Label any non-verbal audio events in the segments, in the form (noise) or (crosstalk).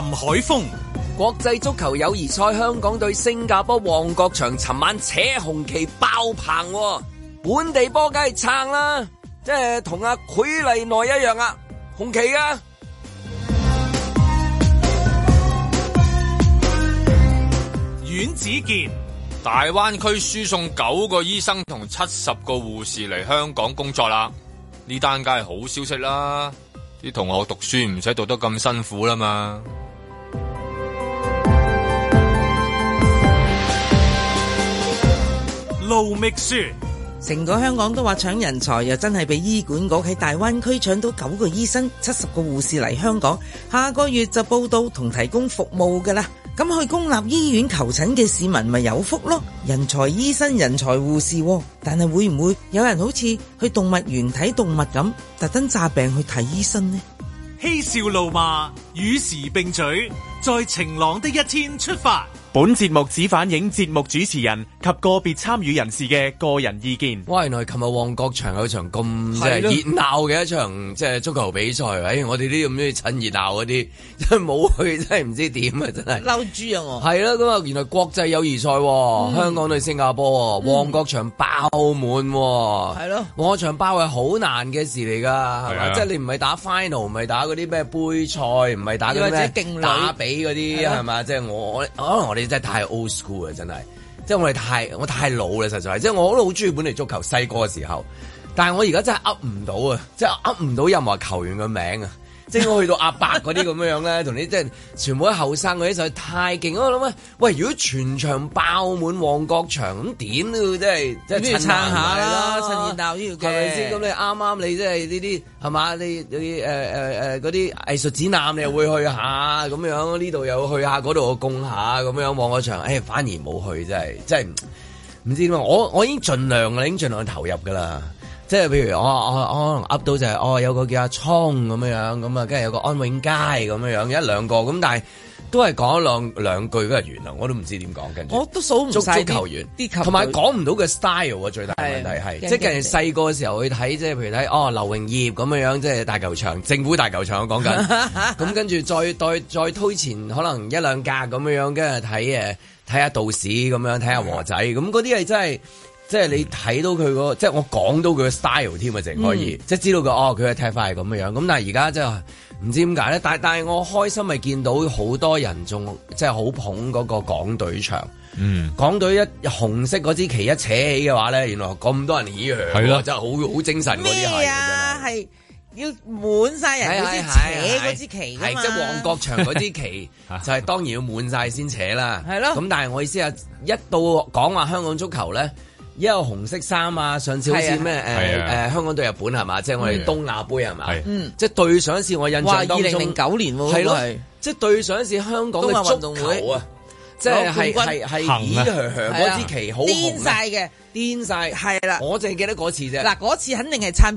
林海峰，國際足球友誼賽香港對新加坡，旺角場尋晚扯紅旗爆棚，本地波梗係撐啦，即係同阿許麗奈一樣啊，紅旗啊！阮子健，大灣區輸送九個醫生同七十個護士嚟香港工作啦，呢單梗係好消息啦，啲同學讀書唔使讀得咁辛苦啦嘛。盧覓雪，成個香港都話搶人才，又真係畀醫管局喺大灣區搶到九個醫生、七十個護士嚟香港，下個月就報到同提供服務噶啦。咁去公立醫院求診嘅市民咪有福咯？人才醫生、人才護士，但係會唔會有人好似去動物園睇動物咁，特登詐病去睇醫生呢？嬉笑怒罵，與時並舉，在晴朗的一天出發。本節目只反映節目主持人及個別參與人士嘅個人意見。喂，原來琴日旺角場有場咁即係熱鬧嘅一場即係足球比賽。哎，我哋啲咁中意趁熱鬧嗰啲，真係冇去真係唔知點啊！真係。嬲豬啊我。係啦，咁啊，原來國際友誼賽，香港對新加坡，旺角場爆滿。係咯，旺角場爆係好難嘅事嚟㗎，係嘛？即係你唔係打 final，唔係打嗰啲咩杯賽，唔係打嗰啲咩打比嗰啲，係嘛？即係我。你真係太 old school 啊！真係，即係我哋太我太老啦，實在係，即係我都好中意本地足球細個嘅時候，但係我而家真係 u 唔到啊！即係 u 唔到任何球員嘅名啊！即係 (laughs) 去到阿伯嗰啲咁樣樣咧，同你即係全部啲後生嗰啲，實在太勁。我諗啊，喂，如果全場爆滿旺角場，咁點都即係即係撐下啦，趁熱鬧呢個嘅，係咪先？咁你啱啱你即係呢啲係嘛？你啲誒誒誒嗰啲藝術指南，你又會去下咁樣？呢度又去下，嗰度又攻下咁樣。旺角場，誒、哎、反而冇去，真係真係唔知點啊！我我已經盡量你已經，盡量投入噶啦。即係譬如、哦、我我我噏到就係、是、哦有個叫阿聰咁樣咁啊，跟住有個安永佳咁樣，一兩個咁，但係都係講兩兩句嗰日完啦，我都唔知點講跟住。我都數唔曬足球員，同埋講唔到個 style 啊對，最大問題係怕即係細個嘅時候去睇，即係譬如睇哦劉榮業咁樣，即係大球場政府大球場講緊，咁跟住再再推前可能一兩格咁樣樣，跟住睇誒睇阿道士咁樣，睇下和仔，咁嗰啲係真係。即係你睇到佢個，嗯、即係我講到佢個 style 添啊，鄭可儀、嗯、即係知道佢哦，佢嘅踢法係咁嘅樣。咁但係而家即係唔知點解咧？但但係我開心咪見到好多人仲即係好捧嗰個港隊場。嗯港隊，港隊一紅色嗰支旗一扯起嘅話咧，原來咁多人起鬨，係咯是的，真係好好精神嗰啲係啊，係的要滿晒人先扯嗰支旗，係，即係旺角場嗰支旗就係當然要滿晒先扯啦，係咯的。咁但係我意思係一到講話香港足球咧。一個紅色衫啊，上次好似咩誒誒香港對日本係嘛？即係我哋東亞杯係嘛？嗯，即係對上一次我印象當中，哇，二零零九年喎，係咯，即係對上一次香港嘅足球啊，即係係係咦噉響嗰支旗好紅嘅，顛曬係啦，我淨係記得嗰次啫，嗱嗰次肯定係撐。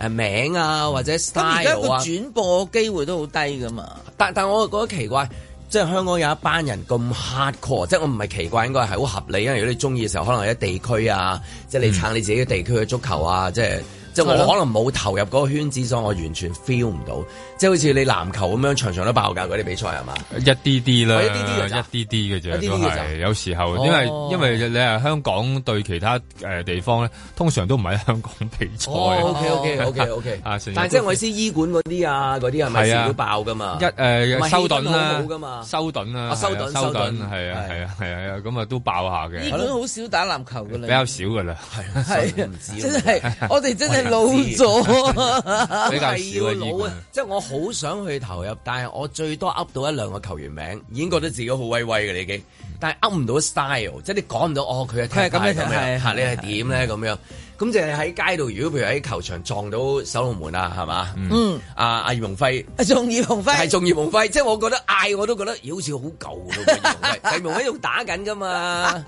誒名啊，或者 style 啊，而家個轉播機會都好低噶嘛。但但係我覺得奇怪，即係香港有一班人咁 hardcore，即係我唔係奇怪，應該係好合理。因為如果你中意嘅時候，可能有啲地區啊，即係你撐你自己嘅地區嘅足球啊，即係即我可能冇投入嗰個圈子，所以我完全 feel 唔到。即係好似你籃球咁樣，場場都爆噶嗰啲比賽係嘛？一啲啲啦，一啲啲一啲啲嘅啫。有時候因為因為你係香港對其他誒地方咧，通常都唔係香港比賽。O K O K O K O K 但係即係我意思，醫館嗰啲啊，嗰啲係咪時都爆噶嘛？一誒修頓啦，修頓啦，修頓修頓，係啊係啊係啊，咁啊都爆下嘅。醫館好少打籃球噶啦，比較少噶啦，係係真係我哋真係。老咗，比較少你老啊，即係我好想去投入，但係我最多噏到一兩個球員名，已經覺得自己好威威噶你已經，但係噏唔到 style，即係你講唔到哦，佢係踢咩吓你係點咧咁樣，咁、嗯、就係喺街度，如果譬如喺球場撞到守龍門、嗯、啊，係嘛，嗯，阿阿葉鴻輝，仲葉鴻輝，係仲葉鴻輝，即係我覺得嗌我都覺得，好似好舊，葉鴻輝，葉鴻輝 (laughs) 打緊噶嘛。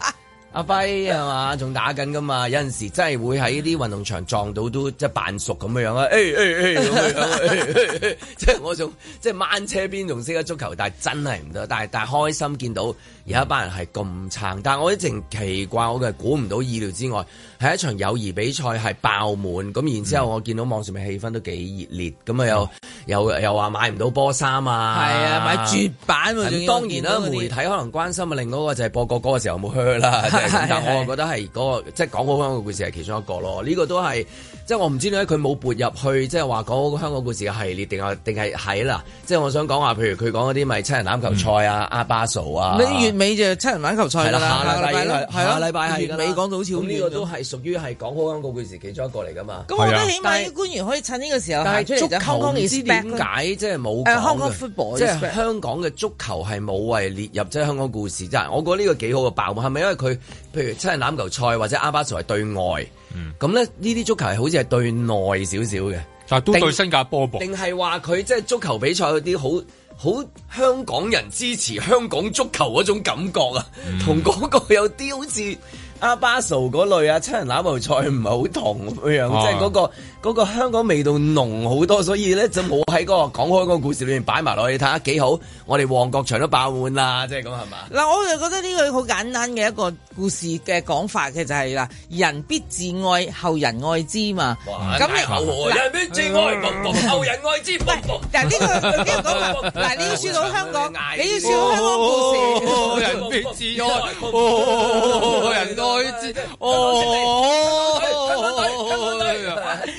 阿輝係嘛，仲打緊噶嘛，有陣時真係會喺啲運動場撞到都即係扮熟咁樣樣啊，誒誒誒咁樣樣，欸欸欸、 (laughs) 即係我仲即係掹車邊仲識得足球，但係真係唔得，但係但係開心見到。有一班人係咁撐，但我一直奇怪，我嘅估唔到意料之外，係一場友誼比賽係爆滿，咁然之後我見到網上嘅氣氛都幾熱烈，咁啊又、嗯、又又話買唔到波衫啊，係啊買絕版、啊，當然啦、啊、媒體可能關心嘅另嗰個就係播國歌嘅時候有冇噓啦，但我覺得係嗰、嗰個即係的講嗰個故事係其中一個咯，呢、呢個都係。即係我唔知點解佢冇撥入去，即係話講香港故事嘅系列定係定係係啦。即係我想講話，譬如佢講嗰啲咪七人欖球賽、嗯、啊、阿巴蘇啊。你月尾就七人欖球賽㗎啦。下禮拜係，下禮拜係。月尾講到好似呢個都係屬於係講好香港故事其中一個嚟㗎嘛。咁、嗯、我覺得起碼啲官員可以趁呢個時候行出嚟。但係足球意思點解即係冇。香港、啊、香港足球嘅即係香港嘅足球係冇謂列入即係香港故事，即係、嗯、我覺得呢個幾好嘅爆。係咪因為佢譬如七人欖球賽或者阿巴蘇係對外？咁咧呢啲足球係好似係對內少少嘅，但係都對新加坡噃。定係話佢即係足球比賽嗰啲好好香港人支持香港足球嗰種感覺啊，同嗰、嗯、個有啲好似阿巴蘇嗰類啊，七人欖球賽唔係好同樣，即係嗰個。嗰個香港味道濃好多，所以咧就冇喺嗰個講開嗰個故事裏面擺埋落去睇下幾好，我哋旺角場都爆滿啦，即係咁係嘛？嗱，我就覺得呢句好簡單嘅一個故事嘅講法嘅就係啦，人必自愛，後人愛之嘛。咁你何人必自愛？後人愛之。唔，嗱呢個講法，嗱你要說到香港，你要說到香港故事。人必自愛，人愛之。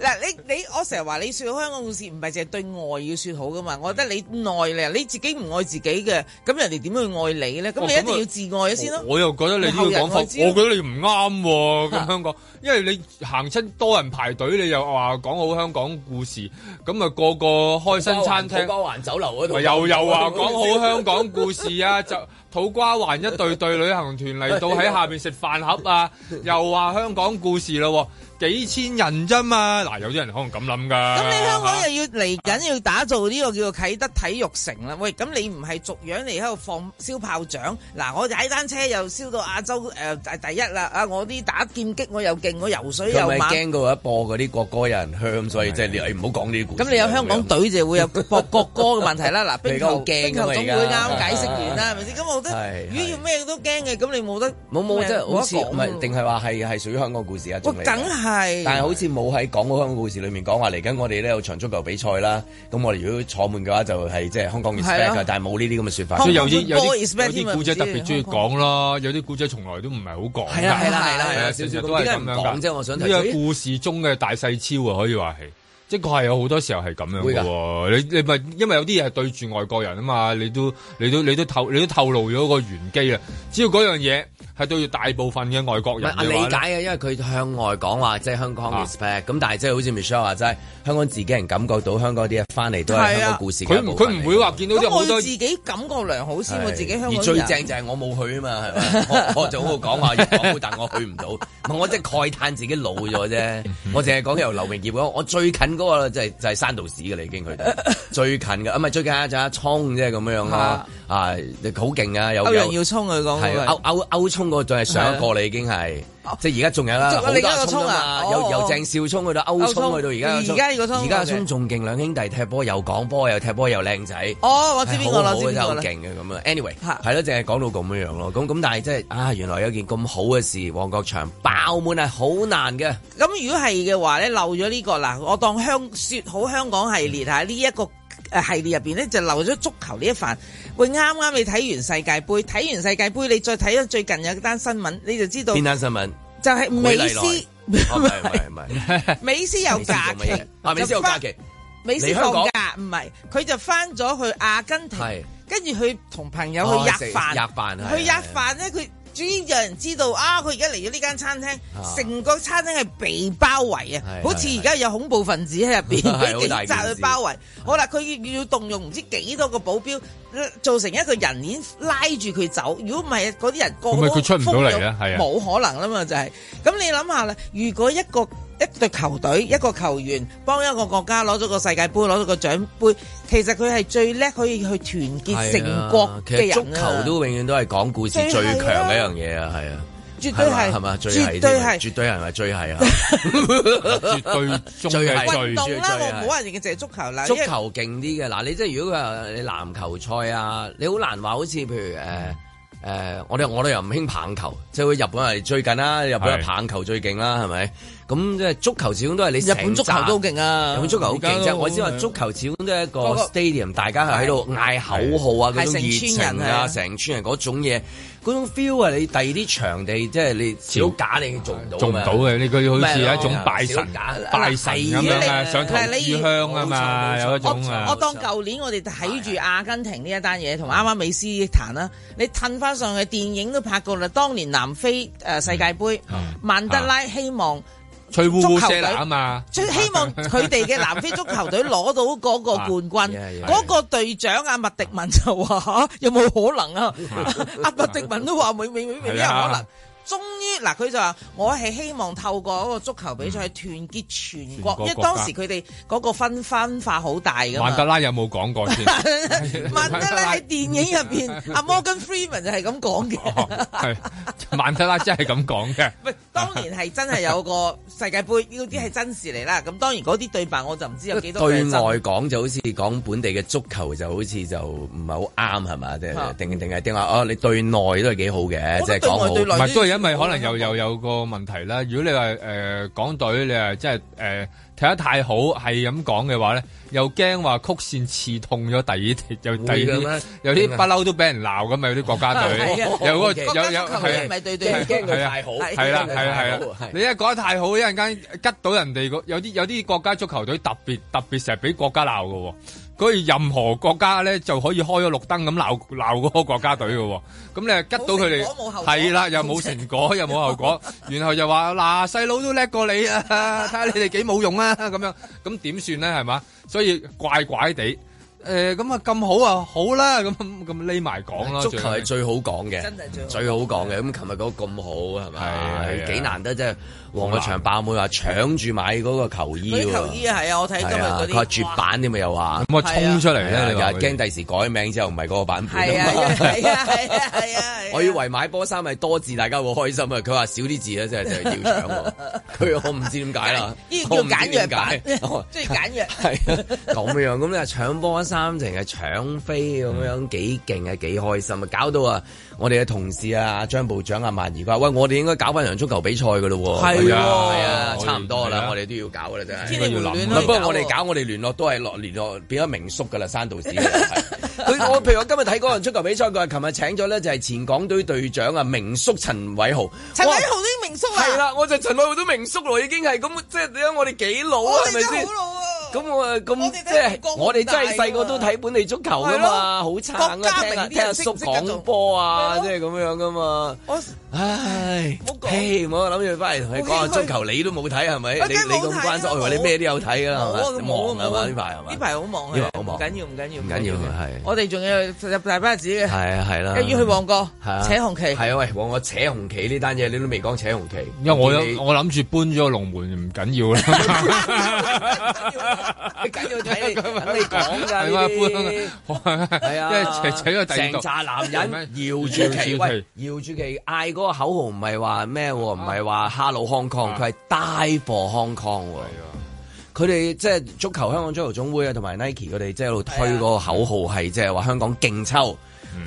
嗱，你你我成日話你説香港故事唔係淨係對外要説好噶嘛？我覺得你內你你自己唔愛自己嘅，咁人哋點會愛你咧？咁你一定要自愛先咯。我又覺得你呢個講法，我覺得你唔啱喎。咁香港，因為你行出多人排隊，你又話講好香港故事，咁咪個個開新餐廳、土瓜灣酒樓嗰度，又又話講好香港故事啊！就土瓜灣一隊隊旅行團嚟到喺下邊食飯盒啊，又話香港故事啦，幾千人啫嘛～啊！有啲人可能咁諗㗎。咁你香港又要嚟緊要打造呢個叫做啟德體育城啦。喂，咁你唔係逐樣嚟喺度放燒炮仗？嗱，我踩單車又燒到亞洲誒第一啦。啊，我啲打劍擊我又勁，我游水又猛。驚過一播嗰啲國歌有人響，所以即係你唔好講呢啲故事。咁你有香港隊就會有播國歌嘅問題啦。嗱，乒乓球乒乓球總會啱解釋完啦，係咪先？咁我覺得如果要咩都驚嘅，咁你冇得冇冇，即係好似唔係定係話係係屬於香港故事啊？哇！梗係，但係好似冇喺講我。故事裏面講話嚟緊我哋咧有場足球比賽啦，咁我哋如果坐滿嘅話就係即係香港 respect，啊，但係冇呢啲咁嘅說法。所以,故以有啲有啲有啲古仔特別中意講啦有啲古仔從來都唔係好講。係啦係啦係啦係啦，少少都係咁樣講我想噶。因為故事中嘅大細超啊，可以話係，即係個係有好多時候係咁樣噶。你你咪因為有啲嘢係對住外國人啊嘛，你都你都你都,你都透你都透露咗個原機啦。只要嗰樣嘢。佢都要大部分嘅外國人講，理解嘅，因為佢向外講話，即係香港 respect。咁但係即係好似 Michelle 話，即係香港自己人感覺到香港啲嘢翻嚟都係香港故事。佢唔佢唔會話見到啲好多自己感覺良好先我自己香港人。而最正就係我冇去啊嘛，係咪？我就好好講話，啊，但係我去唔到。唔，我即係慨嘆自己老咗啫。我淨係講由劉明傑。嗰，我最近嗰個就係就係山道士㗎啦，已經佢最近㗎。咁唔最近啊，就阿聰啫咁樣啦。好勁啊！有歐我就係上一個你已經係即係而家仲有啦，好多聰啊，哦、由由鄭少聰去到歐聰，去到而家而家而家阿聰仲勁，兩兄弟踢波又講波又踢波又靚仔哦。我知好我諗知我勁嘅咁 Anyway 係咯，淨係講到咁樣樣咯。咁咁但係即係啊，原來有件咁好嘅事，旺角場爆滿係好難嘅。咁如果係嘅話咧，漏咗呢、這個嗱，我當香說好香港系列吓呢一個。誒，系列入邊咧就漏咗足球呢一飯。喂，啱啱你睇完世界盃，睇完世界盃，你再睇咗最近有一單新聞，你就知道邊單新聞就係美斯。唔係唔係唔係，美斯有假期，阿美斯有假期，美斯放假唔係，佢就返咗去阿根廷，跟住佢同朋友去食飯，食飯，去食飯咧佢。所以有人知道啊，佢而家嚟咗呢間餐廳，成個餐廳係被包圍啊，好似而家有恐怖分子喺入邊，俾警察去包圍。好啦，佢要要動用唔知幾多個保鏢，造成一個人鏈拉住佢走。如果唔係嗰啲人個個都封咗，冇可能啦嘛，就係。咁你諗下啦，如果一個一隊球隊，一個球員幫一個國家攞咗個世界杯，攞咗個獎杯，其實佢係最叻可以去團結成國嘅人。足球都永遠都係講故事最強嘅一樣嘢啊，係啊，絕對係，係嘛，最係，絕對係，最係，絕對最係，最係。運動啦，冇人認嘅淨係足球啦。足球勁啲嘅嗱，你即係如果佢係籃球賽啊，你好難話，好似譬如誒誒，我哋我哋又唔興棒球，即係好似日本係最近啦，日本棒球最勁啦，係咪？咁即係足球始終都係你日本足球都好勁啊！日本足球好勁啫，我只係足球始終都係一個 stadium，大家喺度嗌口號啊，嗰種熱情啊，成村人嗰種嘢，嗰種 feel 啊，你第二啲場地即係你小假你做唔到，做唔到嘅，你佢好似一種拜神拜世咁樣啊嘛，有一種我我當舊年我哋睇住阿根廷呢一單嘢，同啱啱美斯談啦，你褪翻上去電影都拍過啦，當年南非世界盃，曼德拉希望。吹烏烏足球隊啊嘛！最希望佢哋嘅南非足球隊攞到嗰個冠軍，嗰、 (laughs) yeah, yeah, yeah. 個隊長阿麥迪文就話、啊：，有冇可能啊？阿麥、 (laughs) 啊、迪文都話：，未未未未有可能。終於嗱，佢就話：我係希望透過嗰個足球比賽團結全國，因為當時佢哋嗰個分分化好大㗎嘛。曼德拉有冇講過先？曼德拉喺電影入邊，阿摩根弗里曼就係咁講嘅。係曼德拉真係咁講嘅。當年係真係有個世界盃，呢啲係真事嚟啦。咁當然嗰啲對白我就唔知有幾多對外講就好似講本地嘅足球就好似就唔係好啱係嘛？定定定係點話？哦，你對內都係幾好嘅，即係講好唔係都有一。咪可能又又有個問題啦。如果你話誒港隊，你話即係誒踢得太好，係咁講嘅話咧，又驚話曲線刺痛咗第二條，又第二條，有啲不嬲都俾人鬧㗎嘛。有啲國家隊，有嗰個有有係咪對對？係驚佢太好係啦，係啊，係啊。你一講得太好，一陣間吉到人哋有啲有啲國家足球隊特別特別成日俾國家鬧㗎喎。所以任何國家咧，就可以開咗綠燈咁鬧鬧嗰個國家隊㗎喎。咁 (laughs) 你吉到佢哋，係啦，又冇成果，又冇啦後果。然後又話嗱，細佬都叻過你啊！睇下你哋幾冇用啊！咁樣咁點算咧？係嘛？所以怪怪地。誒，咁啊咁好啊，好啦，咁咁匿埋講啦。足球係最好講嘅，真係最好講嘅。咁琴日嗰個咁好係咪？幾難得即係。黃國祥爆妹話搶住買嗰個球衣。球衣係啊，我睇今日嗰啲。佢話絕版添，咪又話。咁我衝出嚟，呢？你係驚第時改名之後唔係嗰個版本。啊係啊係啊係啊！我以為買波衫係多字，大家會開心啊。佢話少啲字呢，即係就係要搶。佢我唔知點解啦。呢叫簡約，中意簡約。咁樣咁你話搶波三成係搶飛咁樣，幾勁啊，幾開心啊！搞到啊，我哋嘅同事啊，張部長啊，萬怡話喂，我哋應該搞翻場足球比賽噶咯？係啊，係啊，們差唔多啦，啊、我哋都要搞噶啦，真係。要諗、欸。我能不過、啊、我哋搞，我哋聯絡都係落聯絡，變咗名宿噶啦，山道士。佢 (laughs) 我譬如我今日睇嗰場足球比賽，佢話琴日請咗咧，就係前港隊隊長啊，名宿陳偉豪，陳偉豪都名宿啊。係啦，我就陳偉豪都名宿咯，已經係咁，即係點解我哋幾老係咪先？咁我咁即係，我哋真係細個都睇本地足球噶嘛，好撐啊！聽阿叔講波啊，即係咁樣噶嘛。我唉，我諗住翻嚟同你講下足球，你都冇睇係咪？你你咁關心我以為你咩都有睇噶係咪？忙啊嘛，呢排係嘛？呢排好忙啊，唔緊要，唔緊要，唔緊要係。我哋仲要入大巴子嘅，係啊係啦，一於去旺角扯紅旗。係啊喂，旺角扯紅旗呢單嘢，你都未講扯紅旗。因為我我諗住搬咗龍門，唔緊要啦。緊要睇你，你講噶，係啊，係啊，即係請個第炸男人搖住旗，喂，搖住旗，嗌嗰個口號唔係話咩？唔係話 Hello Hong Kong，佢係 Die For Hong Kong。係佢哋即係足球香港足球總會啊，同埋 Nike 佢哋即係喺度推嗰個口號，係即係話香港勁抽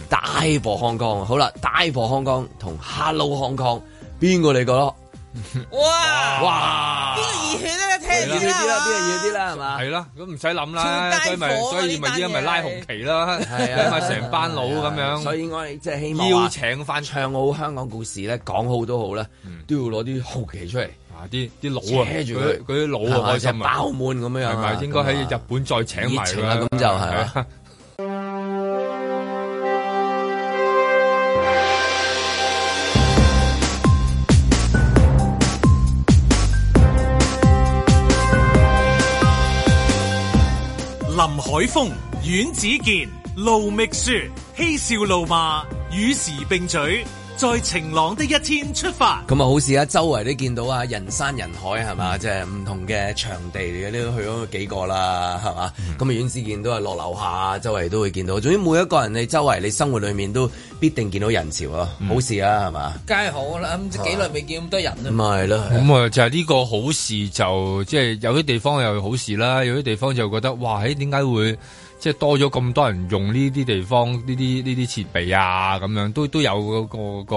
，Die For Hong Kong。好啦，Die For Hong Kong 同 Hello Hong Kong，邊個你覺得？哇哇，啲嘢啲啦，聽住啦，啲嘢啲啦，係嘛？係咯，咁唔使諗啦，所以咪所以咪依家咪拉紅旗啦，係咪成班佬咁樣？所以我哋即係希望邀請翻唱好香港故事咧，講好都好咧，都要攞啲紅旗出嚟，啲啲佬啊，佢啲佬啊開心爆滿咁樣係咪？應該喺日本再請埋佢咁就係林海峰、阮子健、盧覓雪，嬉笑怒罵，與時並舉。在晴朗的一天出發，咁啊好事啊！周圍都見到啊，人山人海係嘛？是 mm. 即係唔同嘅場地，你都去咗幾個啦，係嘛？咁院子見到啊，都落樓下，周圍都會見到。總之每一個人，你周圍你生活裏面都必定見到人潮啊。Mm. 好事啊，係嘛？梗係好啦，唔知幾耐未見咁多人咁咪係咁啊就係、是、呢個好事就，就即、是、係有啲地方又好事啦，有啲地方就覺得哇，點解會？即係多咗咁多人用呢啲地方，呢啲呢啲設備啊，咁樣都都有個個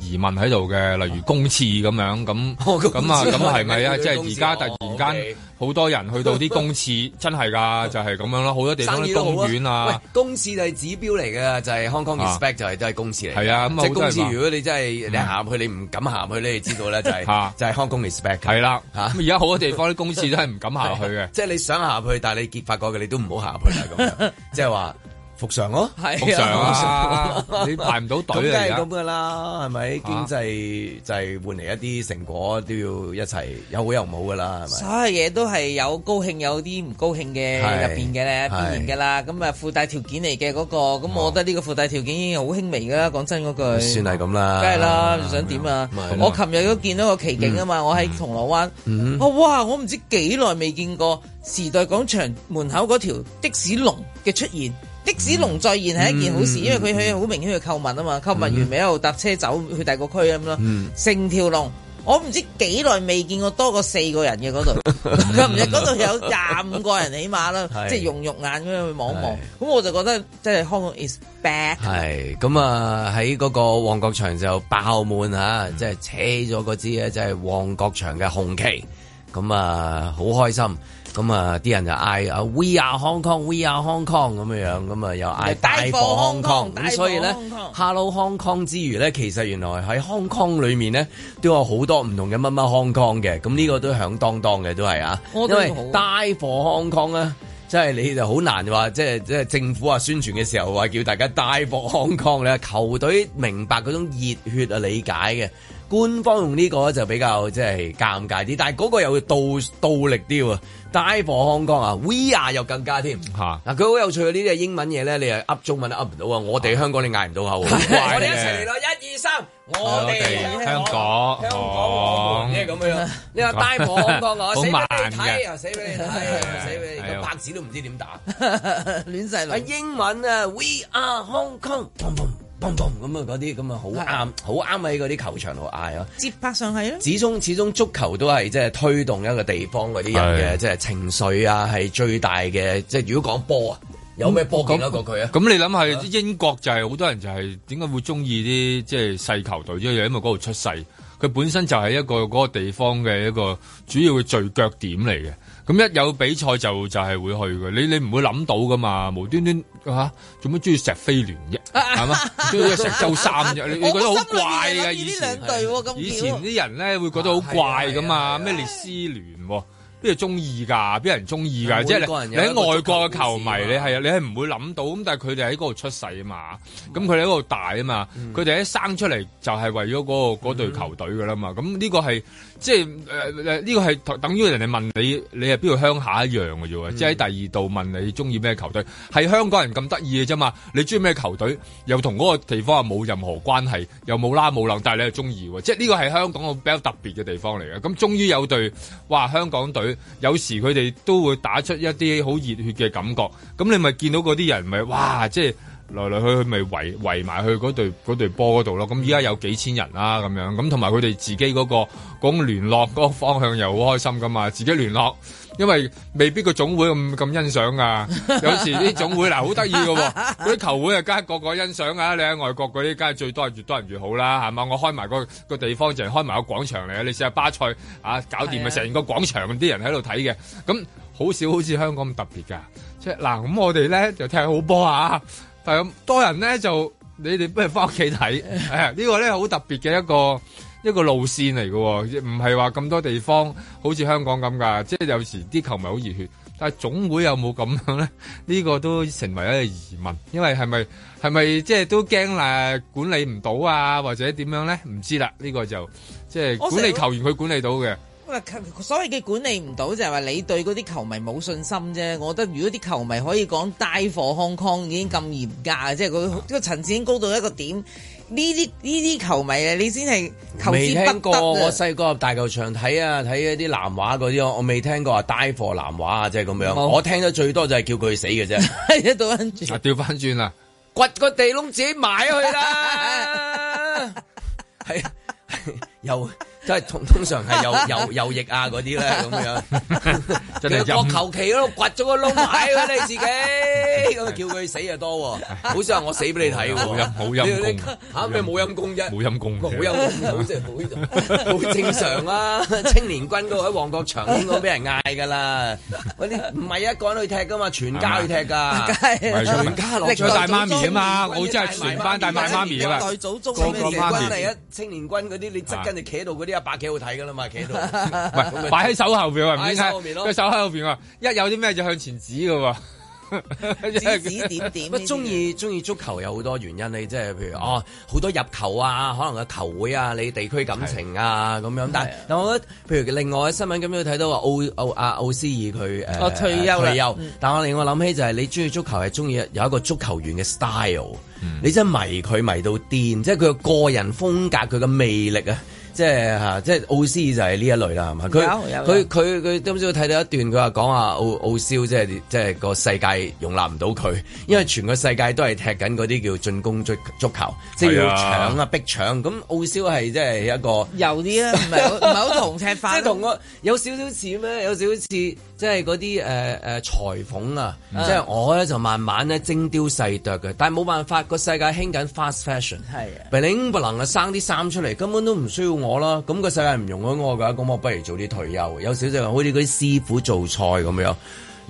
疑問喺度嘅，例如公廁咁樣，咁，咁啊咁係咪啊？即係而家突然間。哦 okay. 好多人去到啲公廁，真係噶就係、是、咁樣咯，好多地方啲意公園啊，喂，公廁就係指標嚟嘅，就係、是、Hong Kong respect 就係都係公廁嚟。係啊，咁即係公廁，啊嗯、公如果你真係、嗯、你行入去，你唔敢行入去，你哋知道呢、就是，啊、就係就係 Hong Kong respect。係啦、啊，吓而家好多地方啲 (laughs) 公廁都係唔敢行入去嘅，即係、啊就是、你想行入去，但係你揭發過嘅，你都唔好行入去啊，咁即係話。就是復常咯，復常你排唔到隊梗係咁噶啦，係咪經濟就係換嚟一啲成果，都要一齊有好有唔好噶啦，係咪？所有嘢都係有高興有啲唔高興嘅入邊嘅必然噶啦。咁啊附帶條件嚟嘅嗰個，咁我覺得呢個附帶條件已經好輕微噶啦。講真嗰句，算係咁啦，梗係啦，想點啊？我琴日都見到個奇景吖嘛，我喺銅鑼灣，哇！我唔知幾耐未見過時代廣場門口嗰條的士龍嘅出現。即使龍再現係一件好事，嗯、因為佢去好明顯去購物啊嘛，購物完咪一路搭車走去第二個區咁咯。成條龍，我唔知幾耐未見過多過四個人嘅嗰度，唔知嗰度有廿五個人起碼啦，是即係用肉眼咁樣去望一望。咁是我就覺得即係香港 is bad 係咁啊，喺嗰個旺角場就爆滿，即係扯咗嗰支咧，即係旺角場嘅紅旗。咁啊，好開心。咁啊，啲人就嗌啊，We are Hong Kong，We are Hong Kong 咁嘅樣，咁啊又嗌大貨 Hong Kong，咁所以咧，Hello Hong Kong 之餘咧，其實原來喺 Hong Kong 裏面咧，都有好多唔同嘅乜乜 Hong Kong 嘅，咁呢個都響當當嘅，都係啊，因為大貨 Hong Kong 咧，即係你就好難話，即係即係政府啊宣傳嘅時候話叫大家大貨 Hong Kong，你啊球隊明白嗰種熱血啊理解嘅。官方用呢個就比較即係尷尬啲，但係嗰個又會倒倒力啲喎。Die for Hong Kong 啊，We are 又更加添。嚇！嗱，佢好有趣嘅呢啲係英文嘢咧，你又噏中文都噏唔到啊！我哋香港你嗌唔到口喎。我哋一齊嚟咯，一二三，我哋香港香港，即係咁樣。你話 Die for Hong Kong 啊？死俾你睇啊！死俾你睇死俾你，個拍子都唔知點打，亂晒龍。英文啊，We are Hong Kong。嘣嘣咁啊！嗰啲咁啊，好啱，好啱喺嗰啲球場度嗌咯。節拍上係咯，始終始終足球都係即係推動一個地方嗰啲人嘅即係情緒啊，係最大嘅。即、就、係、是、如果講波啊，那有咩波勁過佢啊？咁你諗下，英國就係、是、好多人就係點解會中意啲即係細球隊，因、就是、因為嗰度出世，佢本身就係一個嗰、那個地方嘅一個主要嘅聚腳點嚟嘅。咁一有比賽就就係、是、會去嘅，你你唔會諗到噶嘛，無端端嚇做乜中意錫菲聯啫，係嘛？ (laughs) 中意錫周三啫， (laughs) 你覺、哦、會覺得好怪嘅。以前啲人咧會覺得好怪噶嘛，咩列斯聯、啊邊度中意㗎？邊個人中意㗎？即係一你喺外國嘅球迷，球你係啊，你係唔會諗到咁。但係佢哋喺嗰度出世啊嘛，咁佢哋喺嗰度大啊嘛，佢哋一生出嚟就係為咗嗰、嗰個嗰隊球隊㗎啦嘛。咁呢、嗯、個係即係誒呢個係等於人哋問你，你係邊度鄉下一樣㗎啫喎。嗯、即係喺第二度問你中意咩球隊，係香港人咁得意嘅啫嘛。你中意咩球隊又同嗰個地方啊冇任何關係，又冇拉冇楞，但係你係中意喎。即係呢個係香港個比較特別嘅地方嚟嘅。咁終於有隊哇，香港隊！有時佢哋都會打出一啲好熱血嘅感覺，咁你咪見到嗰啲人咪哇，即係來來去去咪圍圍埋去嗰隊嗰隊波嗰度咯。咁依家有幾千人啦，咁樣咁同埋佢哋自己嗰個講聯絡嗰個方向又好開心噶嘛，自己聯絡。因為未必個總會咁咁欣賞㗎，有時啲總會嗱好得意嘅喎，嗰啲球會啊，梗係個個欣賞啊！你喺外國嗰啲，梗係最多越多人越好啦，係嘛？我開埋個個地方就係開埋個廣場嚟，你試下巴塞啊，搞掂咪成個廣場啲人喺度睇嘅，咁好少好似香港咁特別㗎。即係嗱，咁我哋咧就踢好波啊，但係咁多人咧就你哋不如翻屋企睇，係啊，呢個咧好特別嘅一個。一個路線嚟嘅，唔係話咁多地方好似香港咁㗎，即係有時啲球迷好熱血，但係總會有冇咁樣咧？呢個都成為一個疑問，因為係咪係咪即係都驚喇管理唔到啊，或者點樣咧？唔知啦，呢個就即係管理球員佢管理到嘅。喂，球所謂嘅管理唔到就係話你對嗰啲球迷冇信心啫。我覺得如果啲球迷可以講 Die for Hong Kong 已經咁嚴格嘅，即係佢呢個層次已經高到一個點。呢啲呢啲球迷啊，你先係，未聽過我入細個大球場睇啊，睇一啲南華嗰啲我未聽過話 Die for 南華啊，即係咁樣，我聽得最多就係叫佢死嘅啫，掉翻 (laughs) 轉啊，掘個地窿自己埋去啦，係 (laughs) (laughs) (laughs) 又。即係通常係有有有翼啊嗰啲咧咁樣，要國我求其都掘咗個窿埋你自己，咁叫佢死啊多，好想話我死俾你睇，冇陰冇陰功，吓咩冇陰功啫？冇陰功，冇陰功。冇，好正常啊！青年軍嗰個喺旺角場都俾人嗌噶啦，啲，唔係一個人去踢噶嘛，全家去踢噶，全家落咗大媽咪啊嘛，我真係全班大媽咪啦，代祖宗咩媽青年軍啲你側跟就企到嗰啲。一百幾好睇噶啦嘛，企喺度，擺喺 (laughs) 手後邊，佢手喺後邊喎。面 (laughs) 一有啲咩就向前指噶喎。 (laughs) 的指，指點點。我中意中意足球有好多原因你即係譬如哦，好多入球啊，可能個球會啊，你地區感情啊咁樣。但的但我覺得，譬如另外一新聞，咁樣睇到話澳澳阿奧斯爾佢誒退休，退休、嗯、但我另外諗起就係、是、你中意足球係中意有一個足球員嘅 style，、嗯、你真係迷佢迷到癲，即係佢嘅個人風格，佢嘅魅力啊！即係吓，即係奧斯就係呢一類啦，係嘛？佢佢佢佢今朝睇到一段，佢話講啊，奧奧肖即係即係個世界容納唔到佢，因為全個世界都係踢緊嗰啲叫進攻足足球，嗯、即係要搶啊逼搶。咁奧肖係即係一個有啲啊，唔係唔係好同踢法、啊，即係同我有少少似咩？有少少似。即係嗰啲誒誒裁縫啊！呃呃嗯、即係我咧就慢慢咧精雕細琢嘅，但冇辦法，個世界興緊 fast fashion，係啊，唔理不能啊生啲衫出嚟，根本都唔需要我啦。咁個世界唔容許我㗎，咁我不如早啲退休，有少少好似嗰啲師傅做菜咁樣。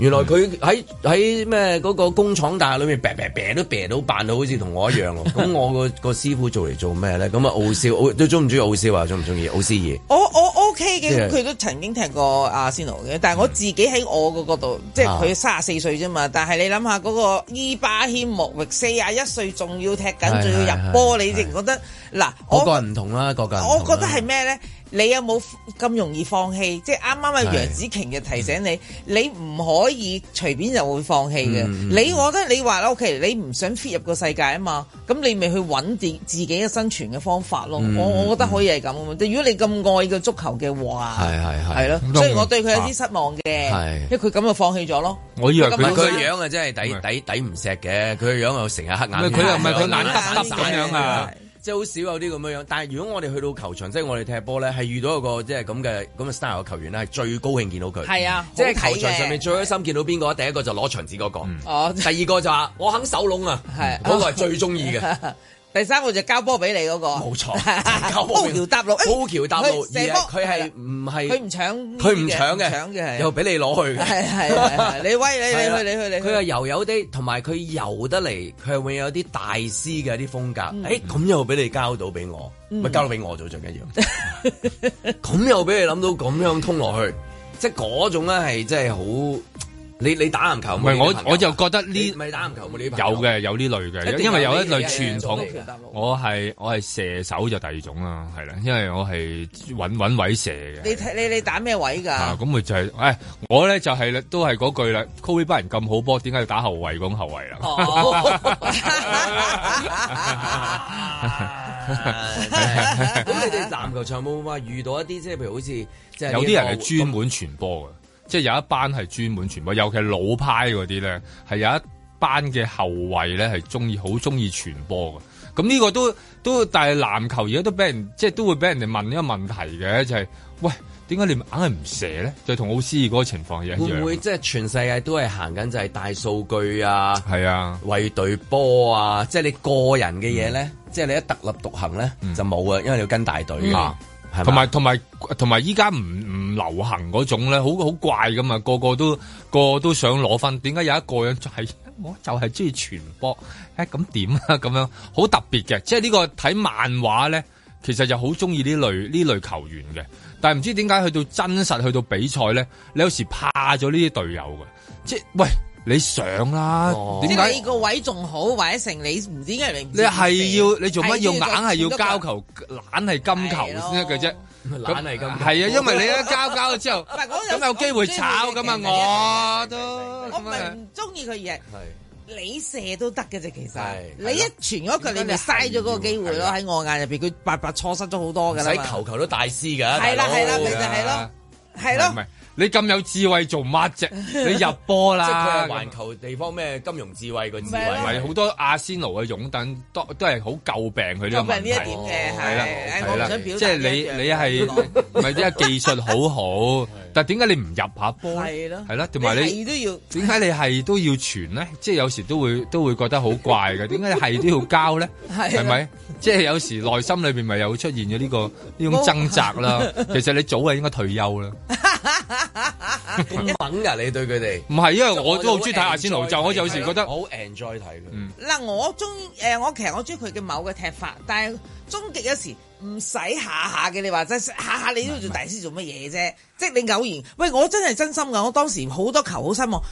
原來佢喺喺咩嗰個工廠大裏面，啤啤啤都啤到，扮到好似同我一樣喎。咁我個個師傅做嚟做咩咧？咁啊奧肖，都中唔中意奧肖啊？中唔中意奧斯爾？我我 OK 嘅，佢都曾經踢過阿仙奴嘅。但係我自己喺我個角度，即係佢三十四歲啫嘛。但係你諗下嗰個伊巴謙莫域四十一歲，仲要踢緊，仲要入波，你唔覺得？嗱，我個人唔同啦，個我覺得係咩咧？你有冇咁容易放棄？即啱啱啊，楊紫瓊就提醒你，你唔可以隨便就會放棄嘅。你我覺得你話啦，O K，你唔想 fit 入個世界啊嘛，咁你咪去揾自自己嘅生存嘅方法咯。我我覺得可以係咁。如果你咁愛個足球嘅話，係係係，咯。雖然我對佢有啲失望嘅，因為佢咁就放棄咗咯。我以為唔係佢個樣啊，真係抵抵抵唔錫嘅。佢個樣又成日黑眼黑眼黑眼黑眼咁樣啊。即係好少有啲咁樣，但係如果我哋去到球場，即係我哋踢波咧，係遇到一個即係咁嘅咁嘅 style 嘅球員咧，係最高興見到佢。係啊，即係球場上面最開心見到邊個？的第一個就攞場子嗰、那個，嗯哦、第二個就話、是、 (laughs) 我肯守籠啊，嗰的個係最中意嘅。 (laughs) 第三個就交波俾你嗰個，冇錯，交波俾你，高橋搭路，高橋搭路，佢佢係唔係佢唔搶，佢唔搶嘅，搶嘅又俾你攞去，係係係，你威你你去你去你，佢又遊有啲，同埋佢遊得嚟，佢係會有啲大師嘅啲風格，誒咁又俾你交到俾我，咪交到俾我做，最緊要，咁又俾你諗到咁樣通落去，即係嗰種咧係真係好。你你打籃球唔係，我我就覺得呢，咪打籃球冇呢啲有嘅有呢類嘅。因為有一類傳統，我係我係射手就第二種啦，係啦，因為我係揾揾位射嘅。你睇你你打咩位㗎？啊，咁咪就係誒，我咧就係啦，都係嗰句啦，Kobe 班人咁好波，點解要打後衞講後衞啊？咁你哋籃球場冇話遇到一啲即係譬如好似，有啲人係專門傳波㗎。即係有一班係專門傳波，尤其係老派嗰啲咧，係有一班嘅後衛咧係中意，好中意傳波嘅。咁呢個都都，但係籃球而家都俾人，即係都會俾人哋問呢個問題嘅，就係、是、喂，點解你硬係唔射咧？就同奧斯爾嗰個情況一樣。會唔會即係全世界都係行緊就係大數據啊？係啊，為隊波啊！即係你個人嘅嘢咧，嗯、即係你一特立獨行咧、嗯、就冇啊，因為你要跟大隊嘅。同埋同埋同埋依家唔唔流行嗰種咧，好好怪㗎嘛。個個都個個都想攞分，點解有一個人就係、是、我就係中意傳播？誒、欸，咁點啊？咁樣好特別嘅，即係呢個睇漫畫咧，其實就好中意呢類呢類球員嘅，但係唔知點解去到真實去到比賽咧，你有時怕咗呢啲隊友㗎。即係喂。你上啦，點解你個位仲好，或者成你唔知點解唔？你係要你做乜要硬係要交球，懶係金球先得嘅啫。懶係金，係啊，因為你一交交咗之後，咁有機會炒咁啊！我都我唔係唔中意佢嘢，你射都得嘅啫。其實你一傳咗佢，你咪嘥咗嗰個機會咯。喺我眼入邊，佢白白錯失咗好多嘅。使球球都大師噶，係啦係啦，咪就係咯，係咯。你咁有智慧做乜啫？你入波啦！ (laughs) 即係佢係環球地方咩金融智慧個智慧、啊，係好多阿仙奴嘅擁躉，都都係好詬病佢呢個問題。係啦，係啦，即係你種你係是，唔係即係技術好好。 (laughs) 但點解你唔入下波咧？係咯，係咯，同埋你你都要點解你係都要傳咧？即係有時都會都會覺得好怪嘅。點解你係都要交咧？係咪？即係有時內心裏邊咪又會出現咗呢個呢種掙扎啦。其實你早係應該退休啦。咁猛㗎！你對佢哋唔係因為我都好中意睇阿仙奴，就我有時覺得好 enjoy 睇佢。嗱，我中誒我其實我中意佢嘅某個踢法，但係終極有時。唔使下下嘅，你話真下下你都要做大師是做乜嘢啫？是即係你偶然喂，我真係真心噶，我當時好多球好失望。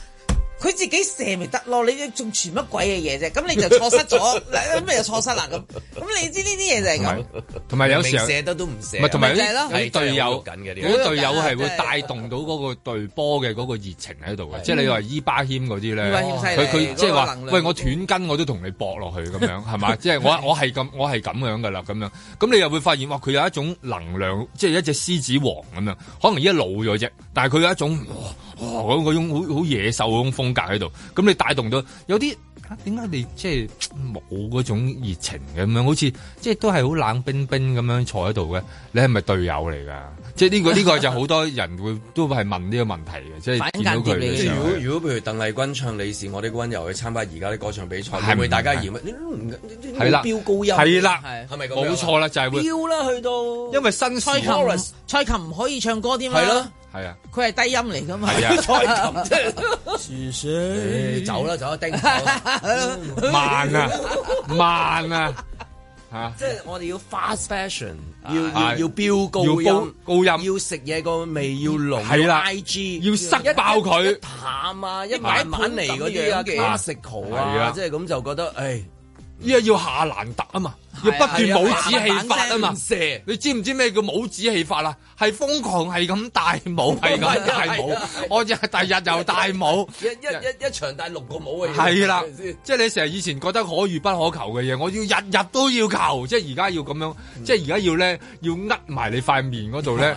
佢自己射咪得咯，你仲傳乜鬼嘅嘢啫？咁你就錯失咗，咁你就錯失啦咁。咁你知呢啲嘢就係咁。同埋有時射得都唔射。同埋嗰啲隊友，嗰啲隊友係會帶動到嗰個隊波嘅嗰個熱情喺度嘅。即係你話伊巴謙嗰啲咧，佢佢即係話，喂，我斷根我都同你搏落去咁樣，係嘛？即係我我係咁，我係咁樣噶啦，咁樣。咁你又會發現，哇！佢有一種能量，即係一隻獅子王咁樣。可能依家老咗啫，但係佢有一種。哇！嗰種好好野獸嗰種風格喺度，咁你帶動到有啲點解你即係冇嗰種熱情嘅咁樣，好似即係都係好冷冰冰咁樣坐喺度嘅。你係咪隊友嚟㗎？即係呢個呢個就好多人會都係問呢個問題嘅，即係見到佢。如果如果譬如鄧麗君唱你是我的溫柔去參加而家啲歌唱比賽，係咪大家嫌乜？你都唔係啦，飆高音係啦，係咪？冇錯啦，就係會啦，去到因為新蔡琴，蔡琴唔可以唱歌添嘛。係啊，佢係低音嚟㗎嘛？係啊，足球，樹上，走啦走一定。慢啊慢啊，即係我哋要 fast fashion，要要要飆高音，高音，要食嘢個味要濃，係啦，IG，要塞爆佢，淡啊，一晚晚嚟嗰啲，即係咁就覺得，誒，依家要下蘭打啊嘛。要不斷帽子戲法啊嘛，射你知唔知咩叫帽子戲法啦？係瘋狂，係咁戴帽，係咁戴帽，我日日又戴帽，一一一一場戴六個帽啊！係啦，即係你成日以前覺得可遇不可求嘅嘢，我要日日都要求，即係而家要咁樣，即係而家要咧要呃埋你塊面嗰度咧，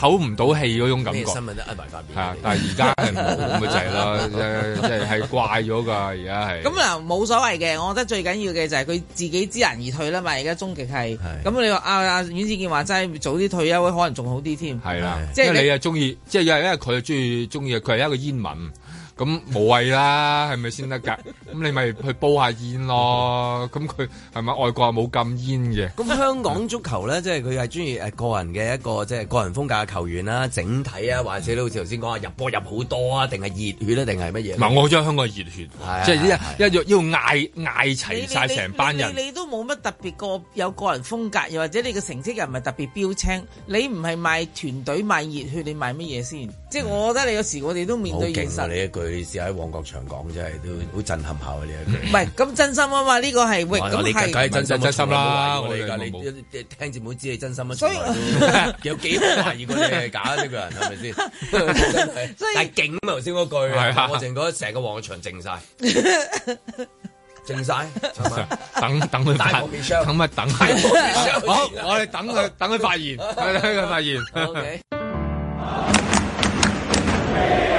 唞唔到氣嗰種感覺。新聞都呃埋塊面，但係而家係咁嘅就係啦，即係係怪咗噶而家係。咁啊，冇所謂嘅，我覺得最緊要嘅就係佢自己知人而。退啦嘛！而家終極係，咁是、嗯、你話啊，阿阮智健話齋，早啲退休會可能仲好啲添。係啦、啊，即係你係中意，即係因為因為佢中意中意佢係一個煙民。咁無謂啦，係咪先得噶？咁 (laughs) 你咪去煲下煙咯。咁佢係咪外國冇禁煙嘅？咁、嗯、香港足球咧，即係佢係中意誒個人嘅一個即係、就是、個人風格嘅球員啦、啊，整體啊，還是好似頭先講啊入波入好多啊，定係熱血咧、啊，定係乜嘢？嗱，我好中意香港熱熱血、啊，即係一一要要嗌嗌齊晒成班人。你你，你，你都冇乜特別個有個人風格，又或者你嘅成績又唔係特別標青，你唔係賣團隊賣熱血，你賣乜嘢先？即係我覺得你有時我哋都面對其實。你一句試下喺旺角場講，真係都好震撼下嘅一句。唔係咁真心啊嘛？呢個係喂你梗係真心真心啦！我而家你聽字冇知你真心啊，有幾多人懷疑過你係假呢個人係咪先？所以勁啊！頭先嗰句，我淨覺得成個旺角場靜曬，靜曬。等等佢發。等咪等下。等？我等佢等佢發言，等佢發言。大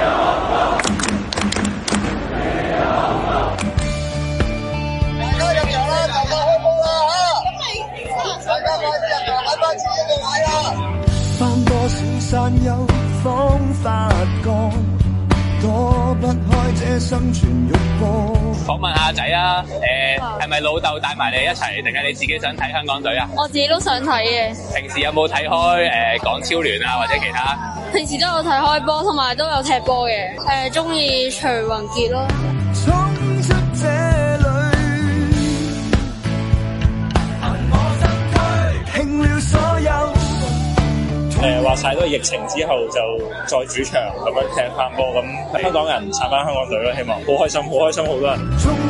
家入場啦，大家開波啦吓，大家開始入嚟，快翻錢，一路訪問阿仔啦，誒，係咪老豆帶埋你一齊，定係你自己想睇香港隊啊？我自己都想睇嘅。平時有冇睇開誒、呃、港超聯啊，或者其他？平時都有睇開波，同埋都有踢波嘅。誒、呃，中意徐宏傑咯。誒，話晒都係疫情之後就再主場咁樣踢翻波，咁香港人撐翻香港隊咯，希望好開心，好開心，好多人。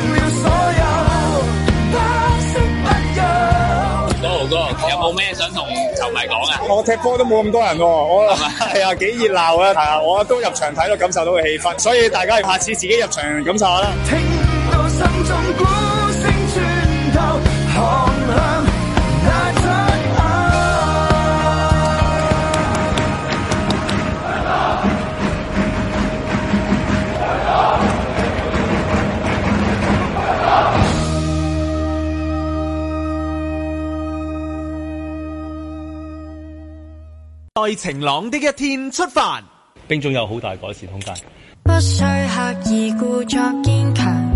球哦、有冇咩想同球迷講啊？我踢波都冇咁多人，哦，我係吧啊，幾熱鬧啊！係 (laughs) 啊，我都入場睇到感受到嘅氣氛，所以大家下次自己入場感受下啦。聽到心中在晴朗的一天出發，冰仲有好大改善空間。不需刻意故作堅強，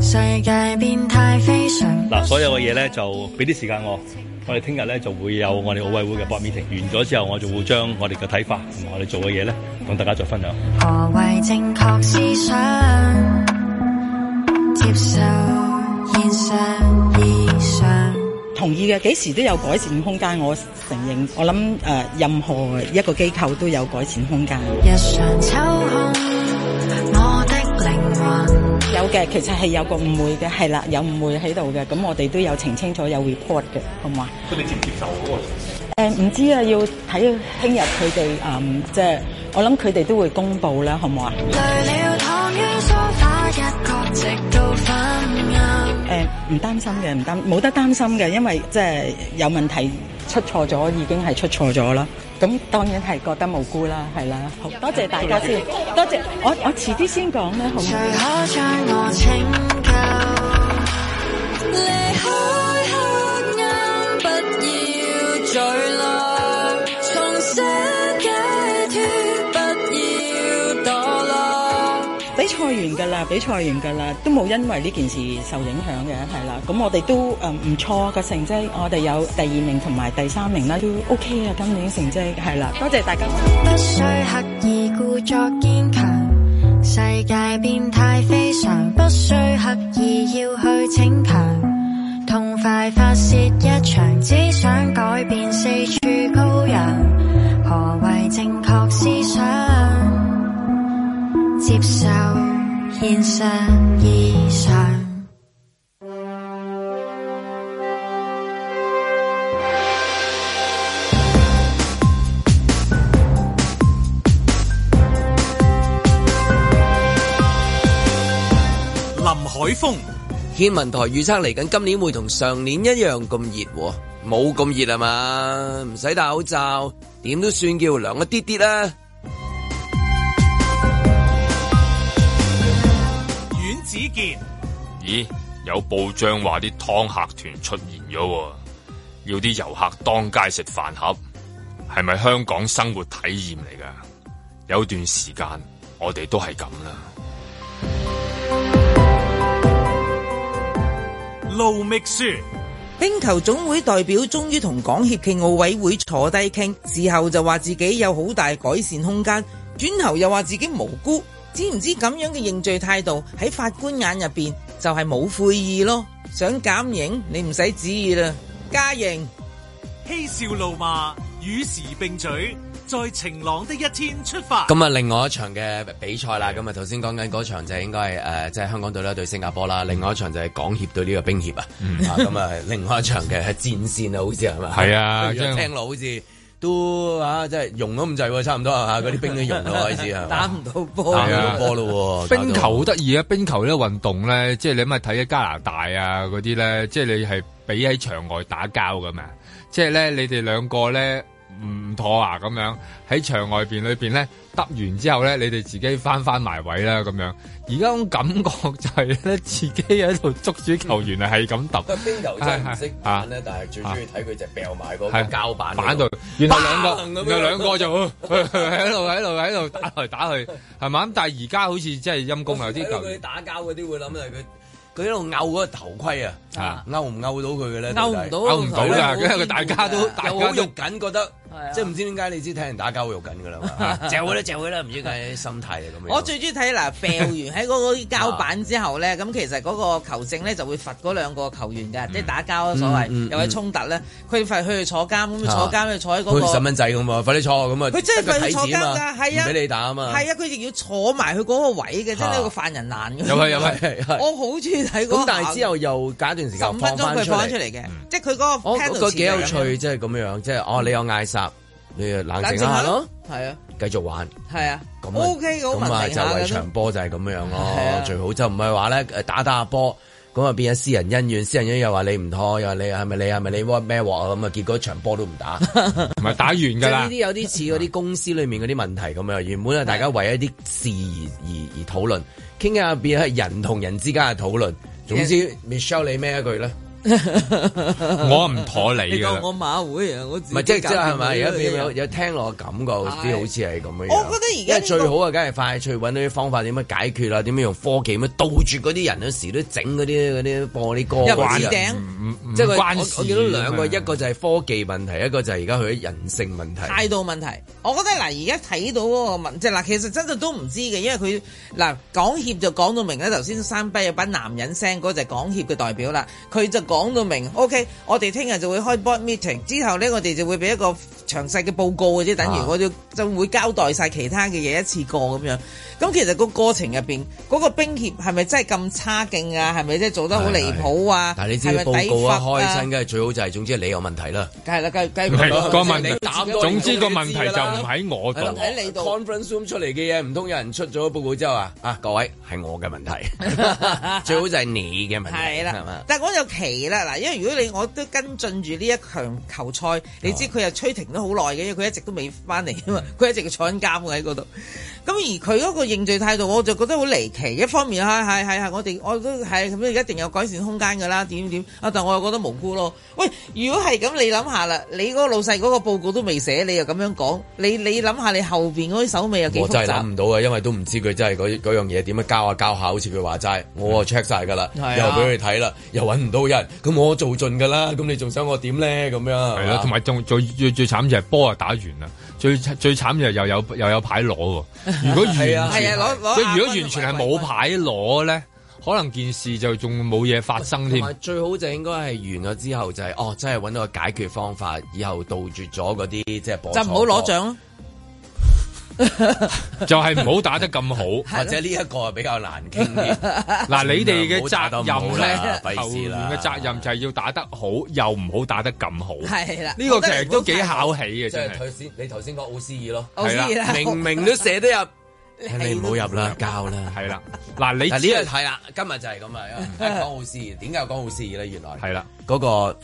世界變態非常。嗱，所有嘅嘢咧就俾啲時間我，我哋聽日咧就會有我哋奧委會嘅 board meeting，完咗之後我就會將我哋嘅睇法同我哋做嘅嘢咧同大家再分享。何為正確思想？接受現實，現實。同意嘅，幾時都有改善空間。我承認，我諗、呃、任何一個機構都有改善空間的。有嘅的，其實係有個誤會嘅，係啦，有誤會喺度嘅。咁我哋都有澄清咗，有 report 嘅，好唔好啊？佢哋接唔接受好啊，誒，唔知啊，要睇聽日佢哋誒，即、呃、係、就是、我諗佢哋都會公布啦，好唔好啊？誒，唔擔心嘅，唔擔，冇得擔心嘅，因為即係有問題出錯咗，已經係出錯咗啦。咁當然係覺得無辜啦，係啦。好多謝大家先，多謝，我，我遲啲先講啦，好唔好？完噶啦，比賽完噶啦，都冇因為呢件事受影響嘅，係啦。咁我哋都誒唔錯嘅成績，我哋有第二名同埋第三名啦，都 OK 啊。今年成績係啦，多謝大家。林海峰，天文台預測嚟緊今年會同上年一樣咁熱，冇咁熱啊嘛？唔使戴口罩，點都算叫涼一啲啲啦。咦，有報章話啲湯客團出現咗，要啲遊客當街食飯盒，係咪香港生活體驗嚟㗎？有段時間我哋都係咁啦。路秘書，冰球總會代表終於同港協暨奧委會坐低傾，事後就話自己有好大改善空間，轉頭又話自己無辜。知唔知咁樣嘅認罪態度喺法官眼入邊就係、是、冇悔意咯？想減刑你唔使旨意啦,加刑。嬉笑怒罵與時並嘴,在晴朗的一天出發。咁啊,另外一場嘅比賽啦,咁啊,頭先講緊嗰場就係應該係誒,即、呃、係、就是、香港隊啦對新加坡啦,另外一場就係港協對呢個兵協、嗯、啊,咁啊,另外一場嘅戰線 (laughs) 啊,就是、好似係咪？係啊,將聽落好似。都啊，即係融咗咁滯，差唔多啊！嗰啲冰都融咗開始啊， (laughs) 吧打唔到波，冇波咯！冰球好得意啊，冰球呢個運動咧，即係你咁啊睇嘅加拿大啊嗰啲咧，即係你係比喺場外打交噶嘛，即係咧你哋兩個咧。唔妥啊！咁樣喺場外邊裏邊咧，揼完之後咧，你哋自己翻翻埋位啦咁樣。而家種感覺就係咧，自己喺度捉住啲球員係咁揼。個邊球真係唔識板呢，但係最中意睇佢只掉埋個膠板度，然後兩個，然後兩個就喺度喺度喺度打來打去，係嘛？但係而家好似真係陰功有啲佢打交嗰啲會諗啊，佢佢喺度拗個頭盔啊，拗唔拗到佢嘅咧？拗唔到，拗唔到噶，因為大家都大家都肉緊，覺得。即係唔知點解，你知睇人打交喎肉緊㗎啦嘛？啦謝啦，唔知佢心態係咁樣。我最中意睇嗱，病完喺嗰個膠板之後咧，咁其實嗰個球證咧就會罰嗰兩個球員㗎，即係打交所謂又係衝突咧，佢罰佢去坐監，咁坐監佢坐喺嗰個細蚊仔咁喎，快啲坐咁啊！佢真係坐監㗎，係啊，俾你打啊嘛，係啊，佢要坐埋佢嗰個位嘅，真係個犯人難。又係又係，我好中意睇咁，但係之後又隔一段時間，十五分鐘佢放出嚟嘅，即係佢嗰個。幾有趣，即係咁樣，即係哦，你有嗌你冷靜下啦，係啊，繼續玩，係啊，咁、啊、OK 咁啊就為場波就係咁樣咯，啊、最好就唔係話咧誒打打下波，咁啊變咗私人恩怨，私人恩怨又話你唔拖，又話你係咪你係咪你 what 咩話啊？咁啊結果場波都唔打，唔係打完噶啦。呢啲有啲似嗰啲公司裏面嗰啲問題咁樣，原本係大家為一啲事而、啊、而而討論，傾下變係人同人之間嘅討論。總之，Michelle 你咩一句咧？ (laughs) 我唔妥的你嘅，我馬會啊！我唔係不即係即係係咪而家有有，有聽落感覺啲好似係咁嘅？我覺得而家最好啊，梗係快脆揾啲方法點樣解決啦？點樣用科技咩杜絕嗰啲人有時都整嗰啲嗰啲播啲歌？唔唔即關係我我見到兩個，是是一個就係科技問題，一個就係而家佢啲人性問題、態度問題。我覺得嗱，而家睇到嗰個問，即係嗱，其實真係都唔知嘅，因為佢嗱港協就講到明啦。頭先生畢有把男人聲嗰就係港協嘅代表啦，佢就講。講到明，OK，我哋聽日就會開 board meeting，之後咧，我哋就會俾一個詳細嘅報告嘅啫，等於我就就會交代晒其他嘅嘢，一次過咁樣。咁其實個過程入邊，嗰個冰協係咪真係咁差勁啊？係咪真係做得好離譜啊？但你知報告啊，開心梗係最好就係，總之你有問題啦，梗係啦，梗係個問題，總之個問題就唔喺我度，喺你度。conference room 出嚟嘅嘢，唔通有人出咗報告之後啊？啊，各位係我嘅問題，最好就係你嘅問題係啦。但係我就奇。嗱，因為如果你我都跟進住呢一場球賽，你知佢又吹停咗好耐嘅，因為佢一直都未翻嚟啊嘛，佢一直坐緊監喺嗰度。咁而佢嗰個認罪態度，我就覺得好離奇。一方面，係係係，我哋我都係咁樣一定有改善空間噶啦，點點點。啊，但我又覺得無辜咯。喂，如果係咁，你諗下啦，你嗰個老細嗰個報告都未寫，你又咁樣講，你你諗下你後邊嗰啲手尾又幾複雜。我真係諗唔到啊，因為都唔知佢真係嗰樣嘢點樣教下教下，好似佢話齋，我 check 晒噶啦，又俾佢睇啦，又揾唔到人。咁我做盡噶啦，咁你仲想我點咧？咁樣係啦，同埋仲最最最慘就係波啊打完啦，最最慘就又有又有牌攞喎。如果係啊係啊，攞攞即如果完全係冇 (laughs) 牌攞咧， (laughs) 可能件事就仲冇嘢發生添。最好就應該係完咗之後就係、是、哦，真係搵到個解決方法，以後杜絕咗嗰啲即係就唔好攞獎咯。就係唔好打得咁好，或者呢一個係比較難傾啲。嗱，你哋嘅責任咧，球員嘅責任就係要打得好，又唔好打得咁好。係啦，呢個其實都幾考起嘅。即係你頭先講奧斯爾咯，明明都寫得入，你唔好入啦，交啦，係啦。嗱，你呢？係啦，今日就係咁啊，因為講奧斯爾，點解講奧斯爾咧？原來係啦，嗰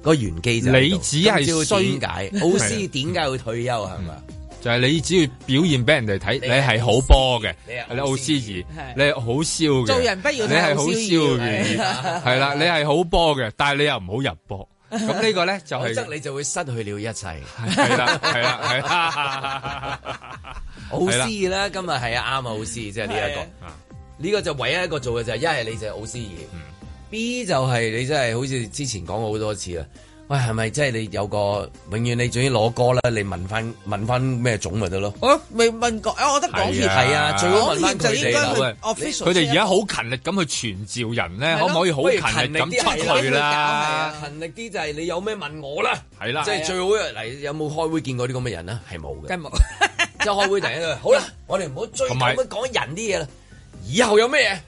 個玄機就係，你只係衰解奧斯爾，點解會退休係咪？就係你只要表現俾人哋睇，你係好波嘅，你奧斯爾，你好笑嘅，做人不要你係好笑嘅，係啦，你係好波嘅，但係你又唔好入波，咁呢個咧就係，你就會失去了一切。係啦，係啦，奧斯爾啦今日係啊，啱啊，奧斯爾即係呢一個，呢個就唯一一個做嘅就係，因為你就奧斯爾，B 就係你真係好似之前講過好多次啦。喂，係咪即係你有個永遠你仲要攞歌咧？你問翻問翻咩種咪得咯？未問過，哎，我覺得講係啊，最好問就應該，official 佢哋而家好勤力咁去傳召人咧，可唔可以好勤力咁出去啦？勤力啲就係你有咩問我啦，係啦，即係最好嗱，有冇開會見過啲咁嘅人咧？係冇嘅，即係開會第一句，好啦，我哋唔好追咁樣講人啲嘢啦，以後有咩？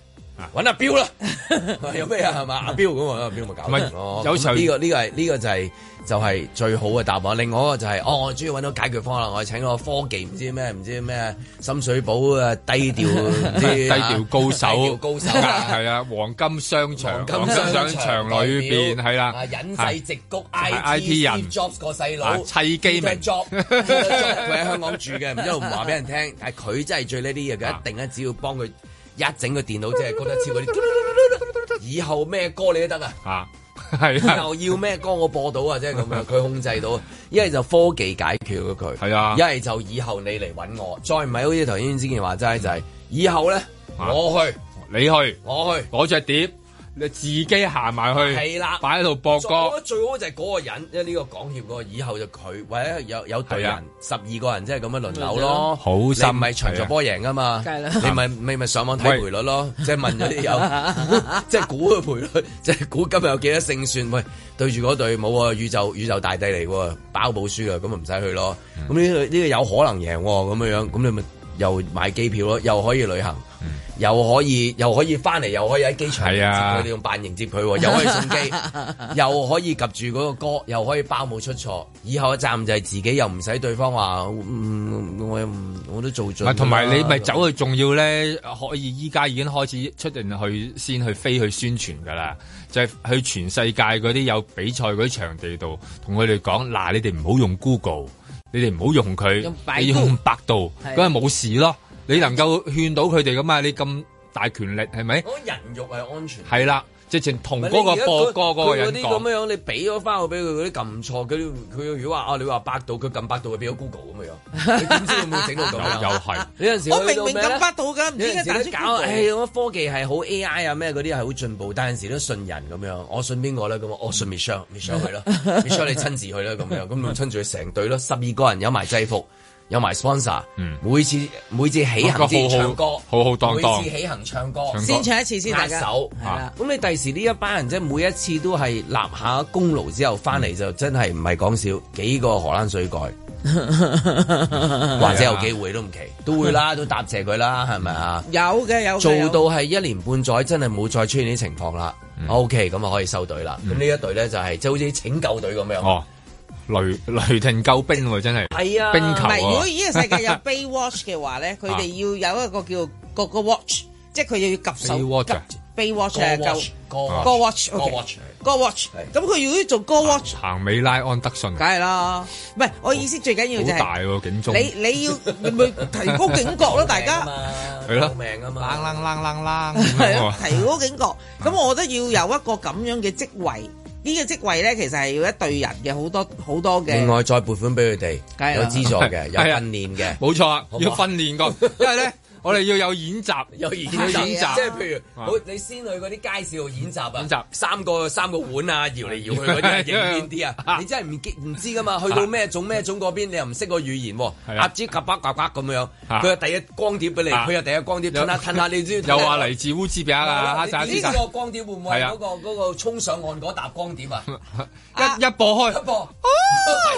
搵阿彪啦， (laughs) 有咩啊？係嘛，阿彪咁啊，阿彪咪搞掂咯。有時候呢個呢、呢個呢就係、是、就係、是、最好嘅答案。另外一個就係、是，哦，我終於搵到解決方啦！我請個科技唔知咩唔知咩深水埗低調低調高手，低調高手係啊，啊，黃金商場黃金商場裏面，係啦，隱、啊、世直谷 I T 人，Jobs 個細佬，砌機咩 Job？佢喺香港住嘅，知我，然之後唔話俾人聽，但佢真係最呢啲嘢嘅，一定啊，只要幫佢。一整個電腦即係覺得似嗰啲，以後咩歌你都得啊，吓係啊，啊以後要咩歌我播到啊，即係咁樣，佢控制到，一係就科技解決咗佢，係啊，一係就以後你嚟搵我，再唔係好似唐英之前話齋就係、是，以後咧我去、啊，你去，我去，我着碟。你自己行埋去，係啦了，擺喺度播歌。我覺得最好就係嗰個人，因、這、呢個港協嗰個以後就佢，或者有有隊人，十二的個人即係咁樣輪流咯。就好心，你咪隨著波贏啊嘛，你咪你咪上網睇賠率咯，即係的問咗啲有，即係估個賠率，即係估今日有幾多勝算。喂，對住嗰隊冇啊，宇宙宇宙大帝嚟，包保輸啊，咁啊唔使去咯。咁呢個呢個有可能贏咁樣樣，咁你咪又買機票咯，又可以旅行。嗯、又可以又可以翻嚟，又可以喺機場接佢，佢哋用扮迎接佢，又可以送機，啊、又可以及住嗰個歌，又可以包冇出錯。以後一站就係自己，又唔使對方話，嗯，我又唔，我都做咗。同埋你咪走去，仲要咧，可以依家已經開始出定去先去飛去宣傳噶啦，就係、是、去全世界嗰啲有比賽嗰啲場地度同佢哋講，嗱、呃，你哋唔好用 Google，你哋唔好用佢，用白你要用百度，咁啊冇事咯。你能夠勸到佢哋噶嘛？你咁大權力係咪？我人肉係安全。係啦，直情同嗰個播歌嗰個人啲咁樣你俾咗翻我俾佢嗰啲撳錯，佢佢如果話啊，你話百度，佢撳百度，變咗 Google 咁樣樣， (laughs) 你點知會唔會整到咁樣？又又係有陣時我明明用百度㗎，唔知佢打搞、欸。我科技係好 AI 啊咩，嗰啲係好進步，但係有陣時都信人咁樣。我信邊個咧？咁我信 Michelle，Michelle 係咯，Michelle 你親自去咧咁樣，咁親住佢成隊咯，十二個人有埋制服。 (laughs) 有埋 sponsor，每次每次起行先唱歌，浩浩蕩蕩，每次起行唱歌，先唱一次先。第一係啦。咁你第時呢一班人即係每一次都係立下功勞之後翻嚟，就真係唔係講笑幾個荷蘭水蓋，或者有機會都唔奇，都會啦，都答謝佢啦，係咪啊？有嘅有。做到係一年半載，真係冇再出現啲情況啦。OK，咁啊可以收隊啦。咁呢一隊咧就係就好似拯救隊咁樣。雷雷霆救兵喎，真係係啊！冰球，唔係如果呢個世界有 Bay Watch 嘅話咧，佢哋要有一個叫嗰個 Watch，即係佢又要 watch Bay Watch 嘅救 Go Watch，OK Go Watch 咁佢如果做 Go Watch，行美拉安德信，梗係啦，唔係我意思最緊要就係大警鐘你你要唔要提高警覺咯？大家係咯，救命啊嘛！冷冷冷冷冷，提高警覺，咁我覺得要有一個咁樣嘅職位。個職呢個職位咧，其實係要一對人嘅，好多好多嘅。另外再撥款俾佢哋，有資助嘅，有訓練嘅，冇錯，好好要訓練咁，因為咧。我哋要有演習，有演習，即係譬如你先去嗰啲街市度演習啊，演習，三個三個碗啊，搖嚟搖去嗰啲影邊啲啊，你真係唔唔知噶嘛，去到咩種咩種嗰邊，你又唔識個語言，阿子及巴及巴咁樣，佢就第一光碟俾你，佢就第一光碟，褪下褪下，你知有話嚟自烏茲別克啊，呢個光碟會唔會係嗰個嗰個衝上岸嗰沓光碟啊？一一播開，一播，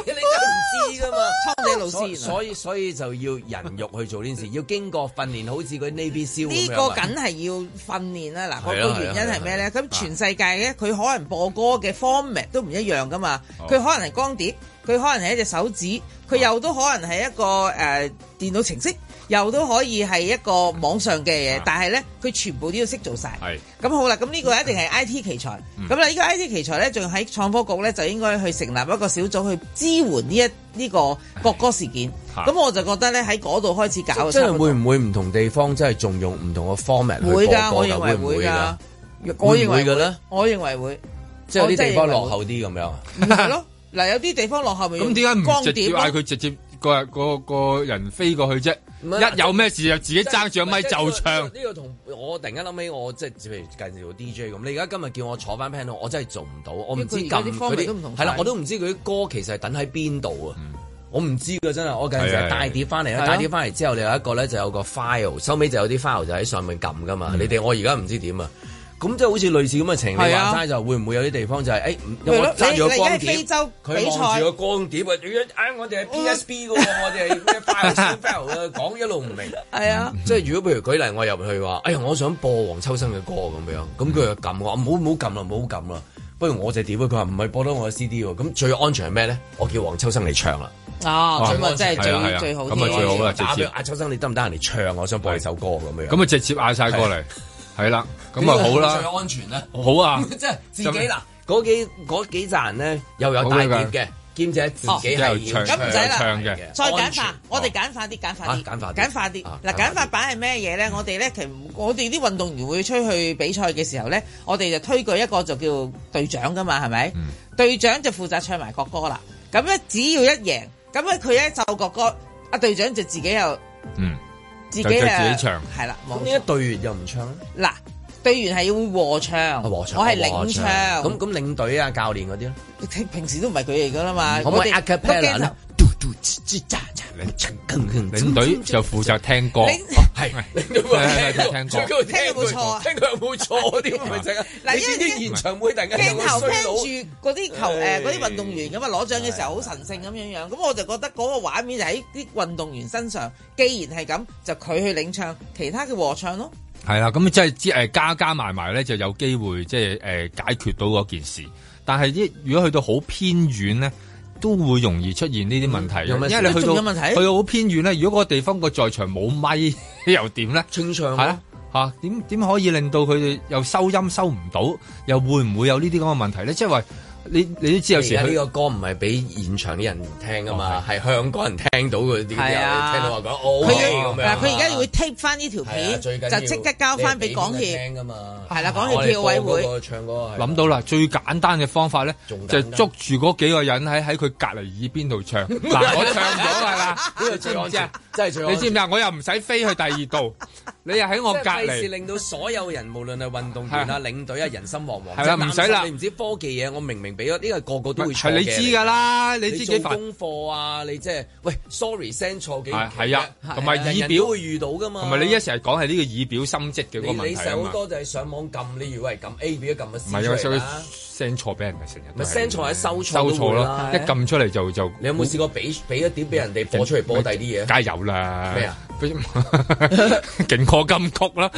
你都唔知噶嘛，蒼井老師，所以所以就要人肉去做呢件事，要經過訓練。年好似佢呢邊笑呢個梗係要訓練啦。嗱、那，個原因係咩咧？咁、啊啊啊啊、全世界嘅佢可能播歌嘅 format 都唔一樣噶嘛。佢、啊、可能係光碟，佢可能係一隻手指，佢又都可能係一個誒、呃、電腦程式。又都可以係一個網上嘅嘢，但係咧佢全部都要識做晒。係，咁好啦，咁呢個一定係 IT 奇才。咁啦，依家 IT 奇才咧，仲喺創科局咧，就應該去成立一個小組去支援呢一呢個國歌事件。咁我就覺得咧，喺嗰度開始搞。即係會唔會唔同地方，即係仲用唔同嘅 format？會㗎，我認為會㗎。我認為會。我認為會。即係有啲地方落後啲咁樣。係咯，嗱，有啲地方落後面。咁點解唔直接嗌佢直接個個個人飛過去啫？一有咩事就是、自己揸住咪就唱。呢、就是這個同、這個這個、我突然間諗起我即、就、係、是，譬如介紹個 DJ 咁。你而家今日叫我坐翻 panel，我真係做唔到。我唔知撳佢啲。係啦，我都唔知佢啲歌其實等喺邊度啊！嗯、我唔知噶真係。我近時的帶碟翻嚟，帶碟翻嚟之後，你有一個咧就有個 file，收尾就有啲 file 就喺上面撳噶嘛。嗯、你哋我而家唔知點啊！咁即係好似類似咁嘅情，你話齋就會唔會有啲地方就係誒，因為我揸住個光碟，佢望住個光碟話點樣？哎，我哋係 PSB 嘅喎，我哋係咩快 a s t f a 講一路唔明。係啊，即係如果譬如舉例，我入去話，哎呀，我想播黃秋生嘅歌咁樣，咁佢就撳我，唔好唔好撳啦，唔好撳啦，不如我就點佢話唔係播得我嘅 CD 喎，咁最安全係咩咧？我叫黃秋生嚟唱啦。哦，咁啊，真係最最好嘅，直接嗌秋生你得唔得人嚟唱？我想播你首歌咁樣。咁啊，直接嗌晒過嚟。係啦，咁就好啦。最安全咧，好啊，即係自己嗱，嗰幾嗰幾盞咧又有大碟嘅，兼且自己係咁唔使啦，唱嘅。再簡化，我哋簡化啲，簡化啲，簡化啲。嗱，簡化版係咩嘢咧？我哋咧，其實我哋啲運動員會出去比賽嘅時候咧，我哋就推舉一個就叫隊長噶嘛，係咪？隊長就負責唱埋國歌啦。咁咧只要一贏，咁咧佢咧奏國歌，啊隊長就自己又嗯。.自己，自己唱係了啦，呢一隊員又唔唱咧？嗱，隊員係要和唱，和唱我係領唱。咁咁、啊、領隊啊，教練嗰啲你平時都唔係佢嚟噶啦嘛，嗯、我們可唔可以 Acapella 呢？主領隊就負責聽歌，係領隊負責聽歌，聽冇錯，聽佢冇錯，點會嗱，因為啲現場會突然間好衰老，鏡頭聽住嗰啲球誒，嗰啲運動員咁啊，攞獎嘅時候好神聖咁樣樣，咁我就覺得嗰個畫面就喺啲運動員身上。既然係咁，就佢去領唱，其他嘅和唱咯。係啦，咁即係即係加加埋埋咧，就有機會即係誒解決到嗰件事。但係一如果去到好偏遠咧。都會容易出現呢啲問題，嗯、因為你去到問題去到好偏遠咧，如果嗰個地方個在場冇咪又點咧？清唱係啦，嚇點、點、可以令到佢哋又收音收唔到，又會唔會有呢啲咁嘅問題咧？即係話。你你都知有時呢個歌唔係俾現場啲人聽噶嘛，係香港人聽到嗰啲，聽到話講佢而家佢會 tape 翻呢條片，就即刻交翻俾港協。係啦，港協暨奧委會。諗到啦，最簡單嘅方法咧，就係捉住嗰幾個人喺喺佢隔離耳邊度唱。嗱，我唱咗係啦，呢個最安全，真係最安全。你知唔知我又唔使飛去第二度，你又喺我隔離，令到所有人無論係運動員啊、領隊啊，人心惶惶。係啦，唔使啦，你唔知科技嘢，我明明。俾咗，呢個個個都會出你知㗎啦，你,知己你做功課啊，你即係喂，sorry send 錯幾句。係啊，同埋語表會遇到㗎嘛表。同埋你一時係講係呢個語表心職嘅嗰個問題你好多就係上網撳，例如喂撳 A B 佢撳 send 錯俾人哋成日，咪 send 收錯喺收錯咯，一撳出嚟就就。你有冇試過俾俾一點俾人哋播出嚟播第啲嘢？梗係有啦。咩啊？勁歌金曲啦，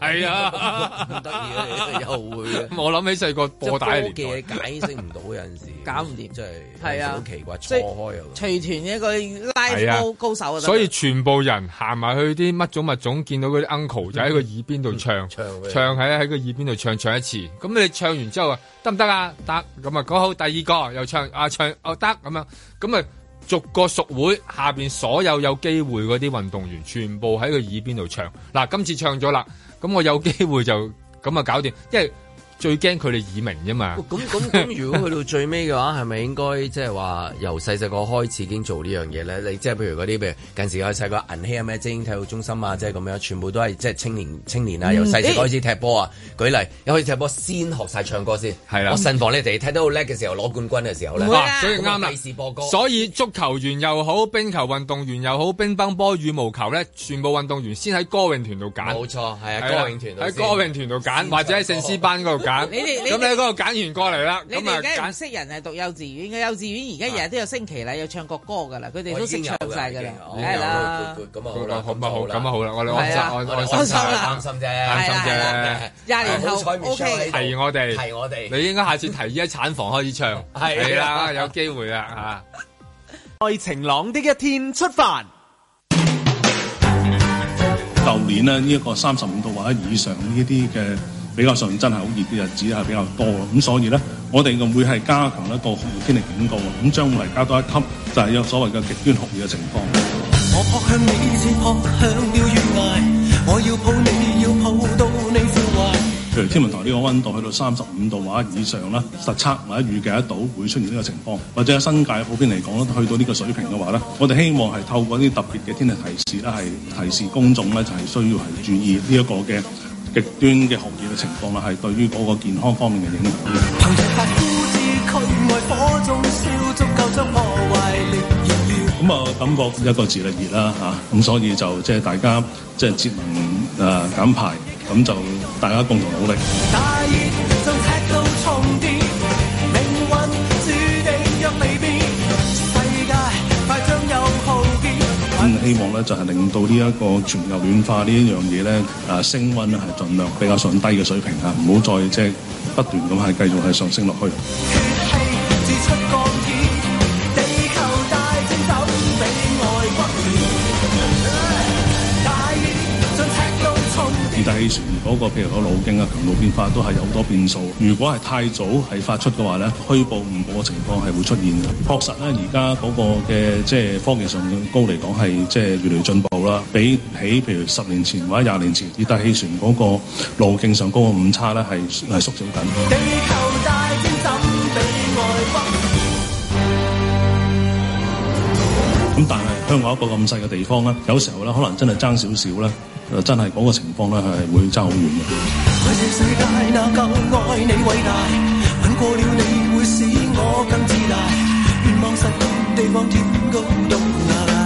係啊，咁得意啊，又會嘅。我諗起細個播帶嘅年代。解釋唔到有陣時，搞唔掂，真係。係啊，即係隨團一個拉高高手啊，所以全部人行埋去啲乜種物種，見到嗰啲 uncle 就喺個耳邊度唱， (laughs) 嗯嗯、唱喺喺個耳邊度唱唱一次。咁你唱完之後，得唔得啊？得，咁啊講好第二個又唱啊唱哦得咁樣，咁啊逐個熟會下邊所有有機會嗰啲運動員，全部喺個耳邊度唱。嗱、啊，今次唱咗啦，咁我有機會就咁啊搞掂，因為。最驚佢哋耳鳴啫嘛！咁咁咁，如果去到最尾嘅話，係咪應該即係話由細細個開始已經做呢樣嘢咧？你即係譬如嗰啲譬如近時嘅細個銀禧啊咩精英體育中心啊，即係咁樣，全部都係即係青年青年啊，由細細開始踢波啊！欸、舉例，你可以踢波先學晒唱歌先，係啦了！我信奉你哋踢得好叻嘅時候攞冠軍嘅時候咧，所以啱啦，波所以足球員又好，冰球運動員又好，乒乓波羽毛球咧，全部運動員先喺歌詠團度揀，冇錯，係啊！啊歌詠團喺歌詠團度揀，或者喺聖詩班嗰度你哋咁你嗰度揀完過嚟啦，咁啊，識人係讀幼稚園嘅，幼稚園而家日日都有升旗啦，有唱國歌噶啦，佢哋都識唱晒噶啦，係啦，咁好咪好啦，咁啊好啦，我哋安心安安心啫，安心啫，廿年後 OK，提我哋，提我哋，你應該下次提議喺產房開始唱，係啦，有機會啊，啊，在晴朗的一天出發。舊年咧，呢一個三十五度或者以上呢啲嘅。比較上真係好熱嘅日子係比較多，咁所以咧，我哋會係加強一個酷熱天氣警告喎，咁將會嚟加多一級，就係有所謂嘅極端酷熱嘅情況。譬如天文台呢個溫度去到三十五度或以上啦，實測或者預計得到會出現呢個情況，或者喺新界普遍嚟講咧去到呢個水平嘅話咧，我哋希望係透過啲特別嘅天氣提示咧，係提示公眾咧就係需要係注意呢一個嘅。極端嘅酷熱嘅情況啦，係對於嗰個健康方面嘅影響。咁啊，月月月我感覺一個字力熱啦吓。咁、啊、所以就即係大家即係節能誒減排，咁就大家共同努力。希望咧就係令到呢一個全球暖化呢一樣嘢咧，誒升溫咧係盡量比較上低嘅水平啊，唔好再即係不斷咁係繼續係上升落去。熱帶氣旋嗰個，譬如嗰路徑啊、強度變化都係有好多變數，如果係太早係發出嘅話咧，虛報誤報嘅情況係會出現嘅。確實咧，而家嗰個嘅即係科技上高嚟講，係即係越嚟進步啦，比起譬如十年前或者廿年前熱帶氣旋嗰個路徑上高嘅誤差咧係係縮小緊。香港一個咁細嘅地方咧，有時候咧，可能真係爭少少咧，誒，真係個情況咧，係會爭好遠嘅。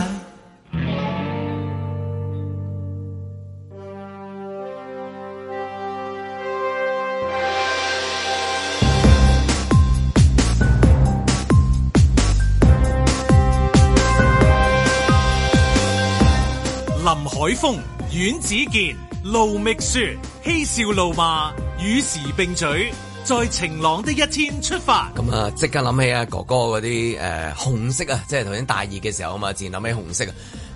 海峰阮子健、盧覓雪嬉笑怒罵與時並嘴，在晴朗的一天出發。咁啊，即刻諗起啊哥哥嗰啲誒紅色啊，即係頭先大二嘅時候啊嘛，自然諗起紅色啊。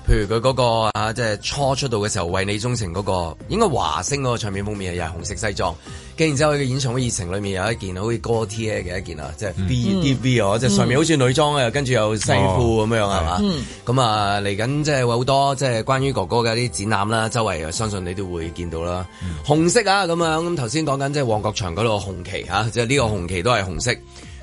譬如佢嗰個啊，即係初出道嘅時候為你鍾情嗰個，應該華星嗰個唱片封面啊，又係紅色西裝。跟然之後，佢嘅演唱會熱情裏面有一件好似歌 T 嘅一件啊，即、就、係、是、B d b 哦，即係上面好似女裝，啊、嗯，跟住又西褲咁樣係嘛？咁啊嚟緊即係好多即係關於哥哥嘅啲展覽啦，周圍相信你都會見到啦。嗯、紅色啊咁啊，咁頭先講緊即係旺角場嗰度紅旗啊，即係呢個紅旗都係紅色，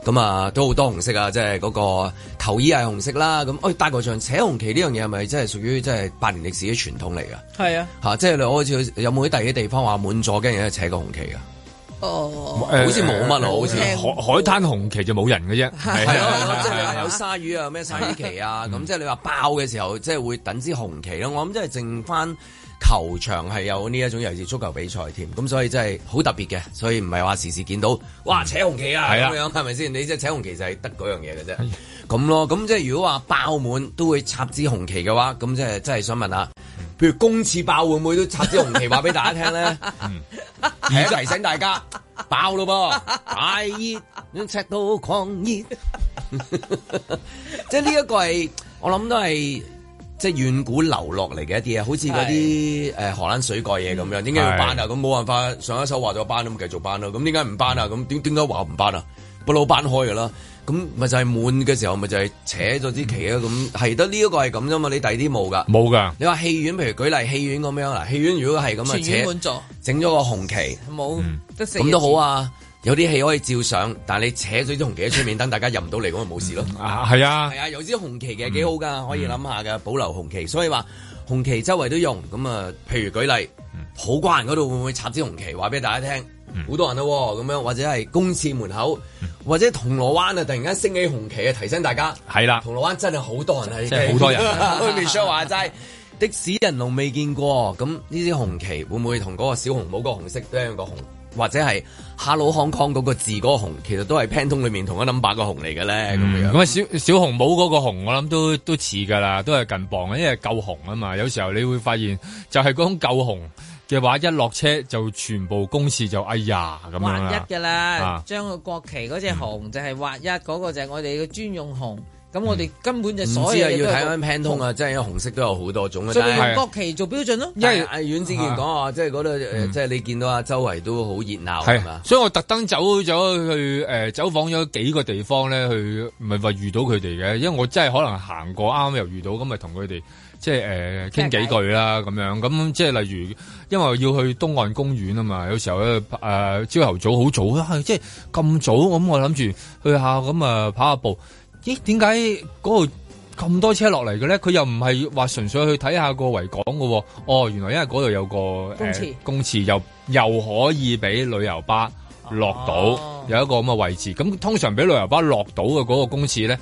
咁啊都好多紅色啊，即係嗰個球衣係紅色啦。咁，喂、哎，大球場扯紅旗呢樣嘢係咪即係屬於即係百年歷史嘅傳統嚟㗎？係啊，嚇、啊，即、就、係、是、你好似有冇啲第二啲地方話滿座跟住一扯個紅旗啊？哦、oh，好似冇乜咯，好似海灘紅旗就冇人嘅啫，係咯，即係有鯊魚啊，咩鯊魚旗啊，咁即係你話爆嘅時候，即、就、係、是、會等支紅旗咯。嗯、我諗即係剩翻球場係有呢一種類似足球比賽添，咁所以真係好特別嘅，所以唔係話時時見到，哇扯紅旗啊，係是啊樣，係咪先？你即係扯紅旗就係得嗰樣嘢嘅啫，咁咯。咁即係如果話爆滿都會插支紅旗嘅話，咁即係真係想問下。譬如公廁爆會唔會都插支紅旗話俾大家聽呢？係啊、 (laughs) 嗯，提醒大家爆咯噃，太熱， (laughs) 赤 (laughs) (laughs) 到狂熱。即係呢一個係我諗都係即係遠古流落嚟嘅一啲啊，好似嗰啲誒荷蘭水蓋嘢咁樣，點解、嗯、要班呀？咁冇是辦法上一首話咗班都唔繼續班咯？咁點解唔班呀？咁點解話唔班呀？不老班開㗎啦。咁咪就係滿嘅時候，咪就係扯咗支旗咯。咁係得呢一個係咁啫嘛。你第二啲冇噶，冇噶。你話戲院，譬如舉例戲院咁樣啦，戲院如果係咁啊，扯滿整咗個紅旗，冇咁都好啊。有啲戲可以照相，但係你扯咗支紅旗喺出面，等 (laughs) 大家入唔到嚟，咁咪冇事咯。啊，係啊，係啊，有支紅旗嘅幾好噶，嗯、可以諗下嘅，保留紅旗。所以話紅旗周圍都用。咁啊，譬如舉例，好關嗰度會唔會插支紅旗？話俾大家聽。好多人喎、啊，咁樣或者係公廁門口，或者銅鑼灣啊，突然間升起紅旗啊，提醒大家。係啦了，銅鑼灣真係好多人係、這個。即係好多人、啊。我面相話齋的士人龍未見過，咁呢啲紅旗會唔會同嗰個小紅帽個紅色都一樣個紅，或者係 Hello Hong Kong 嗰個字嗰個紅，其實都係 Pantone 裏面同一 number 個紅嚟嘅呢？咁、嗯、樣咁啊，小紅帽嗰個紅，我諗都似㗎啦，都係近磅因為夠紅啊嘛。有時候你會發現就係嗰種夠紅。嘅話一落車就全部公示。就哎呀咁樣劃一噶啦，將個國旗嗰隻紅，就係劃一嗰個就係我哋嘅專用紅。咁我哋根本就所有啊，要睇翻 Pantone 啊，即係紅色都有好多種嘅，所以國旗做標準咯。因為阮志健講話，即係嗰度即係你見到啊，周圍都好熱鬧啊。所以我特登走咗去誒，走訪咗幾個地方咧，去唔係話遇到佢哋嘅，因為我真係可能行過啱啱又遇到，咁咪同佢哋即係誒傾幾句啦咁樣，咁即係例如。因為要去東岸公園啊嘛，有時候咧誒朝頭早好早啦，即係咁早，咁、啊、我諗住去下咁啊跑下步。咦？點解嗰度咁多車落嚟嘅咧？佢又唔係話純粹去睇下個維港嘅喎、哦。哦，原來因為嗰度有個公廁、呃，公廁又又可以俾旅遊巴落到、啊、有一個咁嘅位置。咁通常俾旅遊巴落到嘅嗰個公廁咧。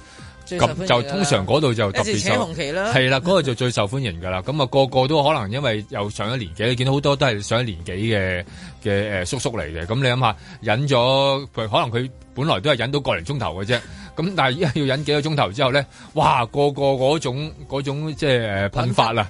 咁就通常嗰度就特別受，係啦嗰度就最受歡迎㗎啦。咁啊 (laughs) 個個都可能因為又上咗年紀，你見到好多都係上咗年紀嘅嘅誒叔叔嚟嘅。咁你諗下，忍咗佢可能佢本來都係忍到個零鐘頭嘅啫。咁 (laughs) 但係要忍幾個鐘頭之後呢，嘩，個個嗰種嗰種即係誒噴發啦。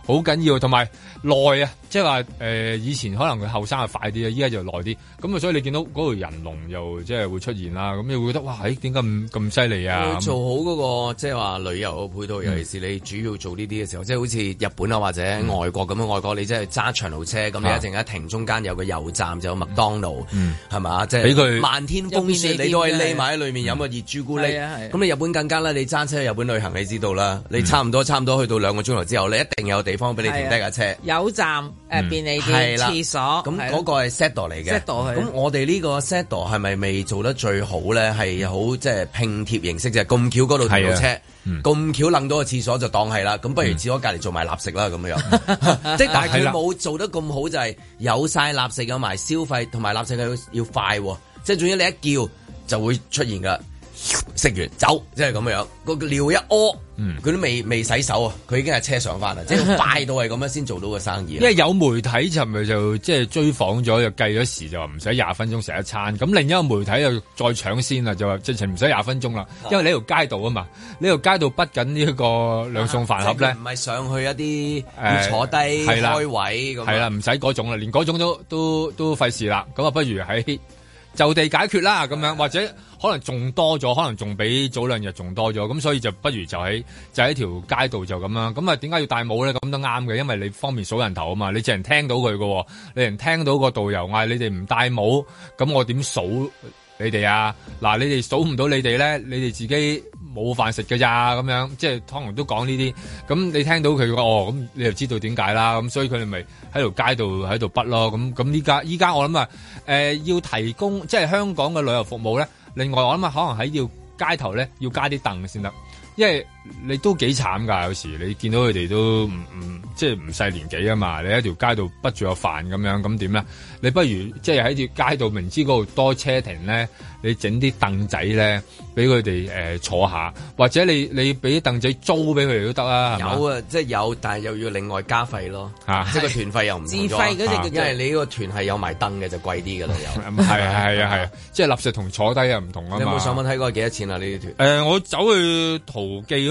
住好緊要，同埋耐啊，即係話誒，以前可能佢後生係快啲啊，依家就耐啲。咁啊，所以你見到嗰條人龍又即係會出現啦。咁你會覺得哇，誒點解咁犀利啊？做好嗰、嗰個即係話旅遊配套，嗯、尤其是你主要做呢啲嘅時候，即係好似日本啊或者、嗯、外國咁啊。外國你即係揸長途車咁，你一陣間停中間有個油站，就有麥當勞，係咪、嗯？即係俾佢漫天風雪你都可以匿埋喺裏面飲個熱朱古力。咁、嗯啊啊、你日本更加啦，你揸車去日本旅行，你知道啦，你差唔多、嗯、差唔多去到兩個鐘頭之後，你一定有地。俾你停低架車，有站誒、呃、便利店，廁所咁嗰個係 setdo 嚟嘅，咁我哋呢個 setdo 係咪未做得最好咧？係好即係拼貼形式係咁巧嗰度停到車，咁、嗯、巧掕到個廁所就當係啦。咁不如廁所隔籬做埋立食啦，咁、嗯、樣即係但係佢冇做得咁好，就係、是、有晒立食有埋消費，同埋立食佢要要快，即係總之你一叫就會出現噶。食完走，即係咁樣，個尿一屙，佢、嗯、都未未洗手啊！佢已經係車上翻啦，即係快到係咁樣先做到個生意。因為有媒體就咪就即係追訪咗，就計咗時，就話唔使廿分鐘食一餐。咁另一個媒體又再搶先啦，就話直情唔使廿分鐘啦，好因為呢條街道啊嘛，呢條街道、啊就是、不僅呢一個兩餸飯盒咧，唔係上去一啲要坐低、呃、開位咁，係啦的，唔使嗰種啦，連嗰種都都都費事啦。咁啊，不如喺就地解決啦，咁樣的或者。可能仲多咗，可能仲比早兩日仲多咗，咁所以就不如就喺就喺條街度就咁啦。咁啊，點解要戴帽咧？咁都啱嘅，因為你方便數人頭啊嘛你。你淨係聽到佢嘅，你人聽到個導遊嗌你哋唔戴帽，咁我點數你哋啊？嗱，你哋數唔到你哋咧，你哋自己冇飯食㗎咋咁樣，即係當然都講呢啲。咁你聽到佢講哦，咁你就知道點解啦。咁所以佢哋咪喺條街度喺度畢咯。咁咁依家依家我諗啊，誒、呃、要提供即係香港嘅旅遊服務咧。另外，我諗啊，可能喺要街頭咧，要加啲凳先得，因為。你都幾慘㗎！有時你見到佢哋都唔唔即係唔細年紀啊嘛！你喺條街度不住有飯咁樣，咁點咧？你不如即係喺條街度明知嗰度多車停咧，你整啲凳仔咧俾佢哋誒坐下，或者你你俾啲凳仔租俾佢哋都得啦、啊。有啊，即、就、係、是、有，但係又要另外加費咯。嚇、啊！即係個團費又唔是自費嗰隻，因為你呢個團係有埋凳嘅，就貴啲㗎啦。又係係啊係啊，即係垃圾同坐低又唔同啊。你有冇上網睇過幾多錢啊？呢啲團、欸、我走去途記。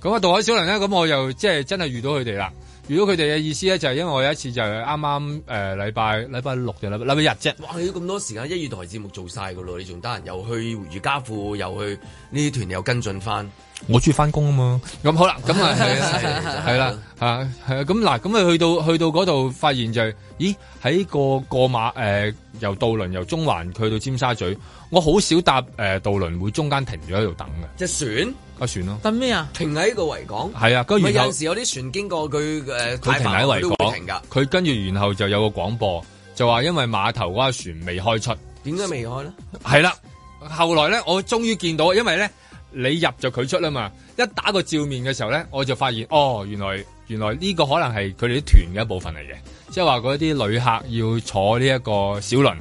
咁啊，渡海小輪咧，咁我又即係真係遇到佢哋啦。遇到佢哋嘅意思咧，就係因為我有一次就係啱啱誒禮拜禮拜六定禮拜禮拜日啫。哇，你咁多時間一月台節目做晒噶咯，你仲得閒又去瑜伽褲，又去呢啲團又團跟進翻。我中意翻工啊嘛。咁好啦，咁啊係啦，吓係咁嗱，咁你去到去到嗰度，發現就係、是，咦？喺個過，過馬誒、呃，由渡輪由中環去到尖沙咀，我好少搭誒渡輪會中間停咗喺度等嘅。隻船。啊！船咯，等咩啊？停喺呢個維港，係啊。佢有時有啲船經過佢誒，佢、呃、停喺維港停噶。佢跟住然後就有個廣播，就話因為碼頭嗰個船未開出，點解未開咧？係啦、啊，後來咧，我終於見到，因為咧你入就佢出啦嘛。一打個照面嘅時候咧，我就發現哦，原來原來呢個可能係佢哋啲團嘅一部分嚟嘅，即係話嗰啲旅客要坐呢一個小輪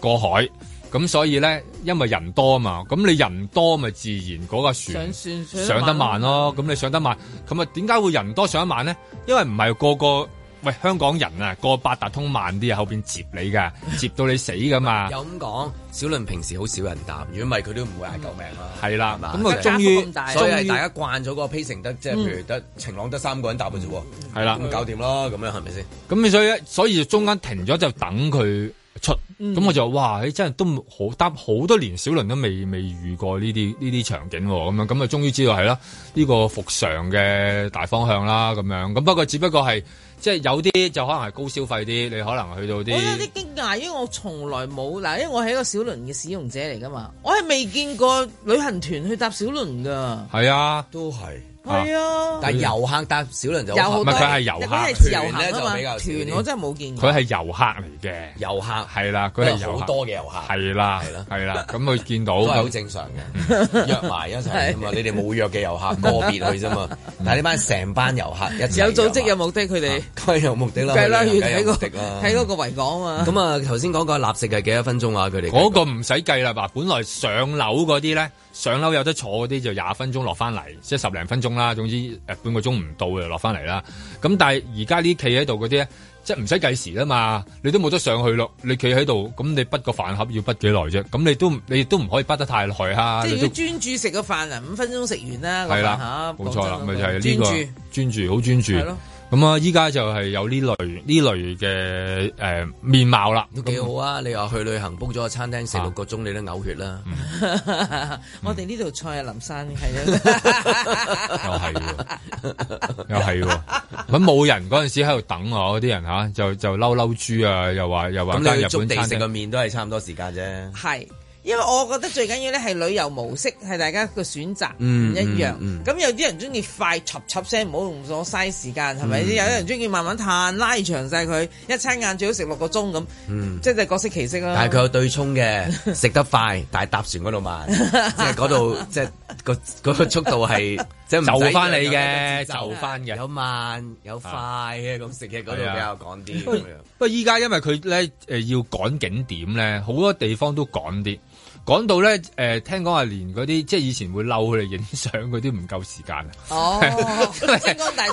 過海。咁所以咧，因為人多啊嘛，咁你人多咪自然嗰架船，上，船上得慢咯。咁你上得慢，咁啊點解會人多上得慢咧？因為唔係個個喂香港人啊，個八達通慢啲啊，後面接你噶，接到你死噶嘛。 (laughs) 有咁講，小輪平時好少人搭，如果唔係佢都唔會嗌救命啊。係啦，咁啊吧終於，所以大家慣咗嗰個 pacing，即係譬如得晴朗得三個人搭嘅啫喎。係啦，咁搞掂咯，咁樣係咪先？咁你所以所以中間停咗就等佢。出咁、嗯嗯、我就哇，你真係都好搭好多年小輪都未未遇過呢啲呢啲場景咁樣，咁啊終於知道係啦，呢、呢個復常嘅大方向啦咁樣，咁不過只不過係即係有啲就可能係高消費啲，你可能去到啲。我有啲驚訝，因為我從來冇。嗱，因為我係一個小輪嘅使用者嚟㗎嘛，我係未見過旅行團去搭小輪㗎。係啊，都係。係啊，但係遊客搭小輪就唔係，佢係遊客，一係遊呢就比較團，我真係冇見過佢係遊客嚟嘅。遊客係啦，佢係好多嘅遊客係啦，係啦，咁佢見到都係好正常嘅，約埋一齊咁，你哋冇約嘅遊客個別去啫嘛，但係呢班成班遊客有組織有目的，佢哋，佢係有目的啦，計啦，睇個睇嗰個維港啊，咁啊，頭先講個垃圾係幾多分鐘啊？佢哋嗰個唔使計啦，話本來上樓嗰啲咧。上樓有得坐嗰啲就廿分鐘落翻嚟，即係十零分鐘啦，總之誒半個鐘唔到就落翻嚟啦。咁但係而家呢企喺度嗰啲咧，即係唔使計時啦嘛，你都冇得上去咯，你企喺度，咁你不個飯盒要不幾耐啫？咁你都你都唔可以不得太耐啊。即係要專注食個飯啊，都五分鐘食完啦。係啦的，冇錯啦，咪錯就係呢、這個專注，好專注。咁、呃、啊！依家就係有呢類呢類嘅誒面貌啦，都幾好啊！你話去旅行煲咗個餐廳四六個鐘，啊、你都嘔血啦！我哋呢度菜係林生，係 (laughs) (laughs) (laughs) 啊，又係、啊，又係，咁冇人嗰陣時喺度等我啲人吓，就就嬲嬲豬啊！又話又話，咁你日本地食個麵都係差唔多時間啫，係。因為我覺得最緊要咧係旅遊模式係大家個選擇唔一樣，咁、嗯嗯嗯、有啲人中意快插插聲，唔好用咗嘥時間，係咪？嗯、有啲人中意慢慢嘆，拉長晒佢一餐晏最好食六個鐘咁，嗯、即係各色其色咯、啊。但係佢有對沖嘅，食得快，但係搭船嗰度慢，即係嗰度即係個速度係即係唔翻嚟嘅，就翻、是、嘅 (laughs) 有，有慢有快嘅咁食嘅嗰度比較趕啲。不過依家因為佢咧要趕景點咧，好多地方都趕啲。講到咧，誒、呃，聽講啊，連嗰啲即係以前會嬲佢哋影相嗰啲唔夠時間啊！哦，即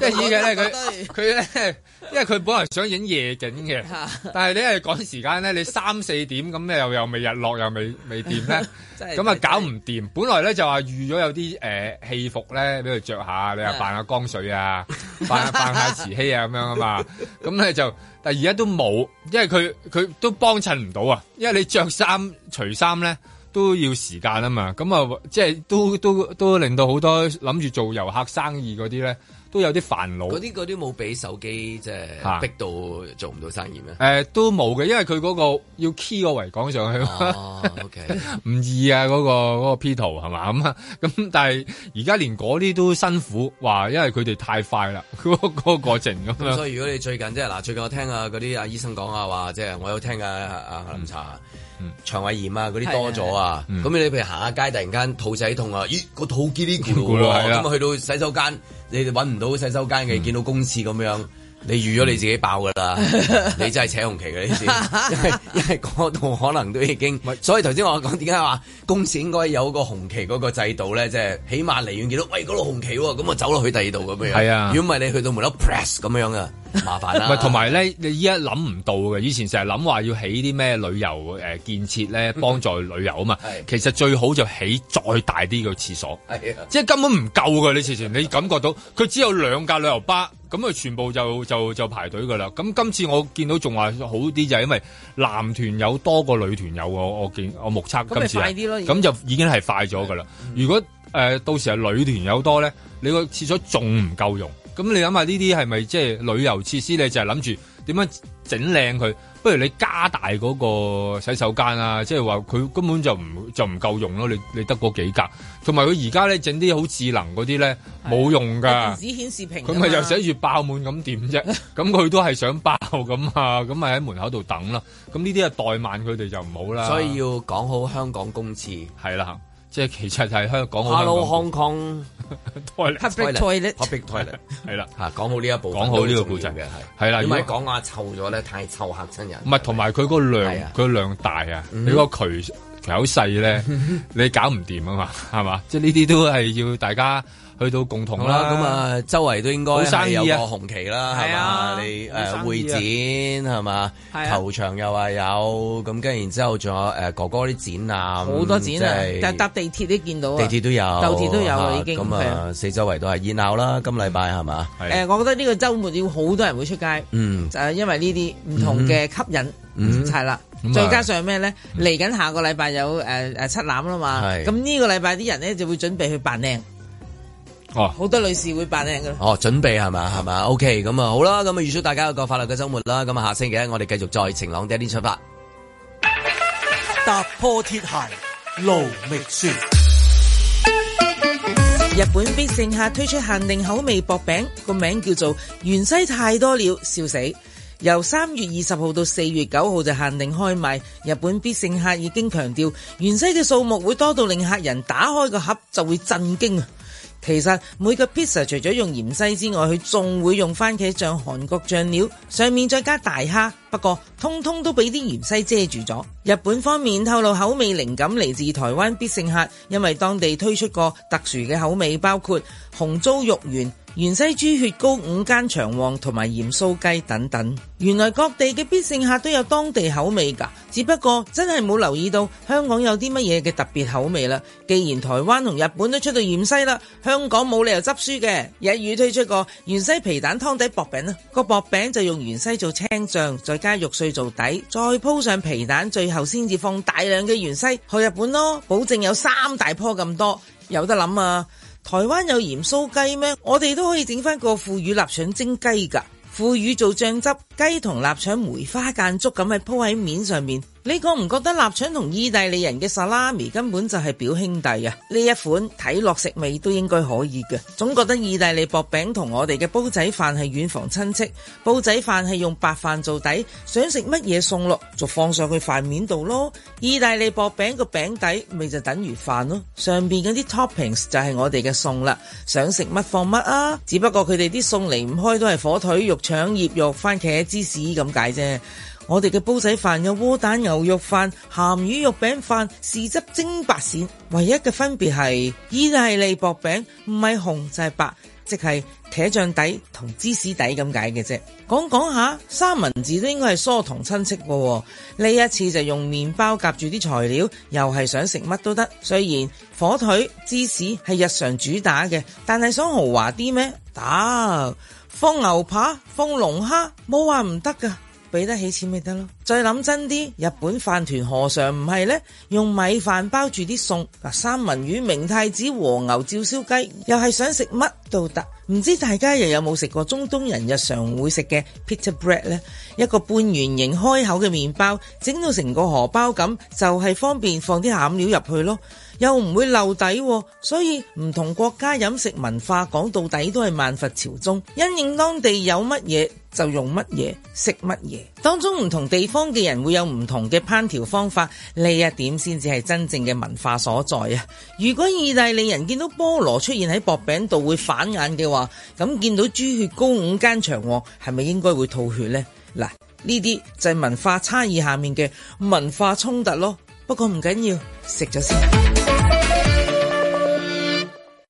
係依家咧，佢佢咧，因為佢本來想影夜景嘅， (laughs) 但係你係趕時間咧，你三四點咁，又又未日落，又未未掂咧，咁啊 (laughs) 真是 搞唔掂。即是 本來咧就話預咗有啲誒戲服咧俾佢着下，你又扮下江水啊，扮扮 (laughs) 下慈禧啊咁、啊、樣啊嘛。咁咧就，但係而家都冇，因為佢佢都幫襯唔到啊，因為你着衫除衫咧。都要時間啊嘛，咁啊即係都都都令到好多諗住做遊客生意嗰啲咧，都有啲煩惱。嗰啲嗰啲冇俾手機即係、就是、逼到做唔到生意咩？誒、啊呃、都冇嘅，因為佢嗰個要 key 個維港上去、啊、OK，唔 (laughs) 易啊嗰、那個嗰、那個、P 圖係嘛咁啊？咁 (laughs) 但係而家連嗰啲都辛苦，話因為佢哋太快啦，嗰 (laughs) 個個過程咁樣。咁所以如果你最近即係嗱，最近我聽啊嗰啲阿醫生講啊話，即、就、係、是、我有聽啊啊林茶。嗯腸胃炎啊嗰啲多咗啊，咁、嗯、你譬如行下街，突然間肚仔痛啊，咦個肚攰攰喎，咁啊 (laughs) 是的 去到洗手間，你哋揾唔到洗手間嘅，嗯、見到公廁咁樣。你預咗你自己爆㗎喇，嗯、你真係扯紅旗㗎呢啲，因為因為嗰度可能都已經，是所以頭先我講點解話公司應該有個紅旗嗰個制度呢，即、就、係、是、起碼嚟遠見到喂嗰度紅旗喎，啊，咁啊走落去第二度咁樣。係啊，如果唔係你去到門口 press 咁樣啊，麻煩啦，啊。同埋呢，你依家諗唔到㗎。以前成日諗話要起啲咩旅遊建設呢，幫助旅遊啊嘛。嗯、其實最好就起再大啲個廁所，係啊，即係根本唔夠嘅呢次，你感覺到佢只有兩架旅遊巴。咁佢全部就就就排隊噶啦。咁今次我見到仲話好啲就係因為男團友多過女團友喎。我我見我目測今次係快啲咯。咁就已經係快咗噶啦。嗯、如果誒、呃、到時係女團友多咧，你個廁所仲唔夠用？咁你諗下呢啲係咪即係旅遊設施？你就係諗住點樣整靚佢？不如你加大嗰個洗手間啊！即係話佢根本就唔就唔夠用咯，你你得嗰幾格，同埋佢而家咧整啲好智能嗰啲咧冇用噶，電子顯示屏，佢咪又寫住爆滿咁點啫？咁佢 (laughs) 都係想爆咁啊！咁咪喺門口度等啦。咁呢啲係怠慢佢哋就唔好啦。所以要講好香港公廁係啦。即係其實就係香港好。Hello Hong Kong，public toilet，public toilet，係啦，嚇講好呢一步，講好呢個步驟嘅係，係啦，唔係講話臭咗咧，太臭嚇親人。唔係，同埋佢個量，佢量大啊，你個渠渠口細咧，你搞唔掂啊嘛，係嘛？即係呢啲都係要大家。去到共同啦，咁啊，周圍都應該係有個紅旗啦，係嘛？你誒會展係嘛？球場又話有咁，跟然之後仲有誒哥哥啲展啊，好多展啊，但搭地鐵都見到，地鐵都有，地鐵都有，已經咁啊，四周圍都係熱鬧啦。今禮拜係嘛？誒，我覺得呢個周末要好多人會出街，嗯，就係因為呢啲唔同嘅吸引，嗯，係啦，再加上咩咧？嚟緊下個禮拜有誒誒七欖啦嘛，咁呢個禮拜啲人咧就會準備去扮靚。哦，好多女士會扮靚噶。哦，準備係嘛係嘛，OK，咁啊好啦，咁啊預祝大家有個快樂嘅周末啦。咁啊下星期咧，我哋繼續喺晴朗嘅一天出發。踏破鐵鞋路覓雪，日本必勝客推出限定口味薄餅，個名叫做芫茜太多了，笑死！由三月二十號到四月九號就限定開賣。日本必勝客已經強調，芫茜嘅數目會多到令客人打開個盒就會震驚。其實每個 pizza 除咗用芫茜之外，佢仲會用蕃茄醬、韓國醬料，上面再加大蝦，不過通通都畀啲芫茜遮住咗。日本方面透露口味靈感嚟自台灣必勝客，因為當地推出過特殊嘅口味，包括紅糟肉圓。芫茜豬血糕、五間腸旺同埋鹽酥雞等等，原來各地嘅必勝客都有當地口味噶，只不過真係冇留意到香港有啲乜嘢嘅特別口味啦。既然台灣同日本都出到芫茜啦，香港冇理由執輸嘅。日語推出過芫茜皮蛋湯底薄餅啦，個薄餅就用芫茜做青醬，再加肉碎做底，再鋪上皮蛋，最後先至放大量嘅芫茜去日本咯，保證有三大棵咁多，有得諗啊！台灣有鹽酥雞咩？我哋都可以整翻個腐乳臘腸蒸雞㗎，腐乳做醬汁，雞同臘腸梅花間竹咁樣鋪喺面上面。你覺唔覺得臘腸同意大利人嘅沙拉 i 根本就係表兄弟啊？呢一款睇落食味都應該可以嘅。總覺得意大利薄餅同我哋嘅煲仔飯係遠房親戚。煲仔飯係用白飯做底，想食乜嘢餸咯，就放上去飯面度咯。意大利薄餅個餅底咪就等於飯咯，上邊嗰啲 toppings 就係我哋嘅餸啦。想食乜放乜啊？只不過佢哋啲餸離唔開都係火腿肉腸、肉腸、醃肉、蕃茄、芝士咁解啫。我哋嘅煲仔飯有窩蛋牛肉飯、鹹魚肉餅飯、豉汁蒸白鱔，唯一嘅分別係意大利薄餅，唔係紅就係白，即係茄醬底同芝士底咁解嘅啫。講講下三文治都應該係疏同親戚嘅，呢一次就用麵包夾住啲材料，又係想食乜都得。雖然火腿芝士係日常主打嘅，但係想豪華啲咩？打！放牛扒，放龍蝦，冇話唔得噶。俾得起錢咪得咯，再諗真啲，日本飯團何嘗唔係呢？用米飯包住啲餸，嗱，三文魚、明太子、和牛、照燒雞，又係想食乜都得。唔知大家又有冇食過中東人日常會食嘅 pita bread 呢？一個半圓形開口嘅麵包，整到成個荷包咁，就係方便放啲餡料入去咯。又唔會漏底，所以唔同國家飲食文化講到底都係萬佛朝宗，因應當地有乜嘢就用乜嘢食乜嘢。當中唔同地方嘅人會有唔同嘅烹調方法，呢一點先至係真正嘅文化所在啊！如果意大利人見到菠蘿出現喺薄餅度會反眼嘅話，咁見到豬血糕五間長喎，係咪應該會吐血呢？嗱，呢啲就係文化差異下面嘅文化衝突咯。不過唔緊要，食咗先。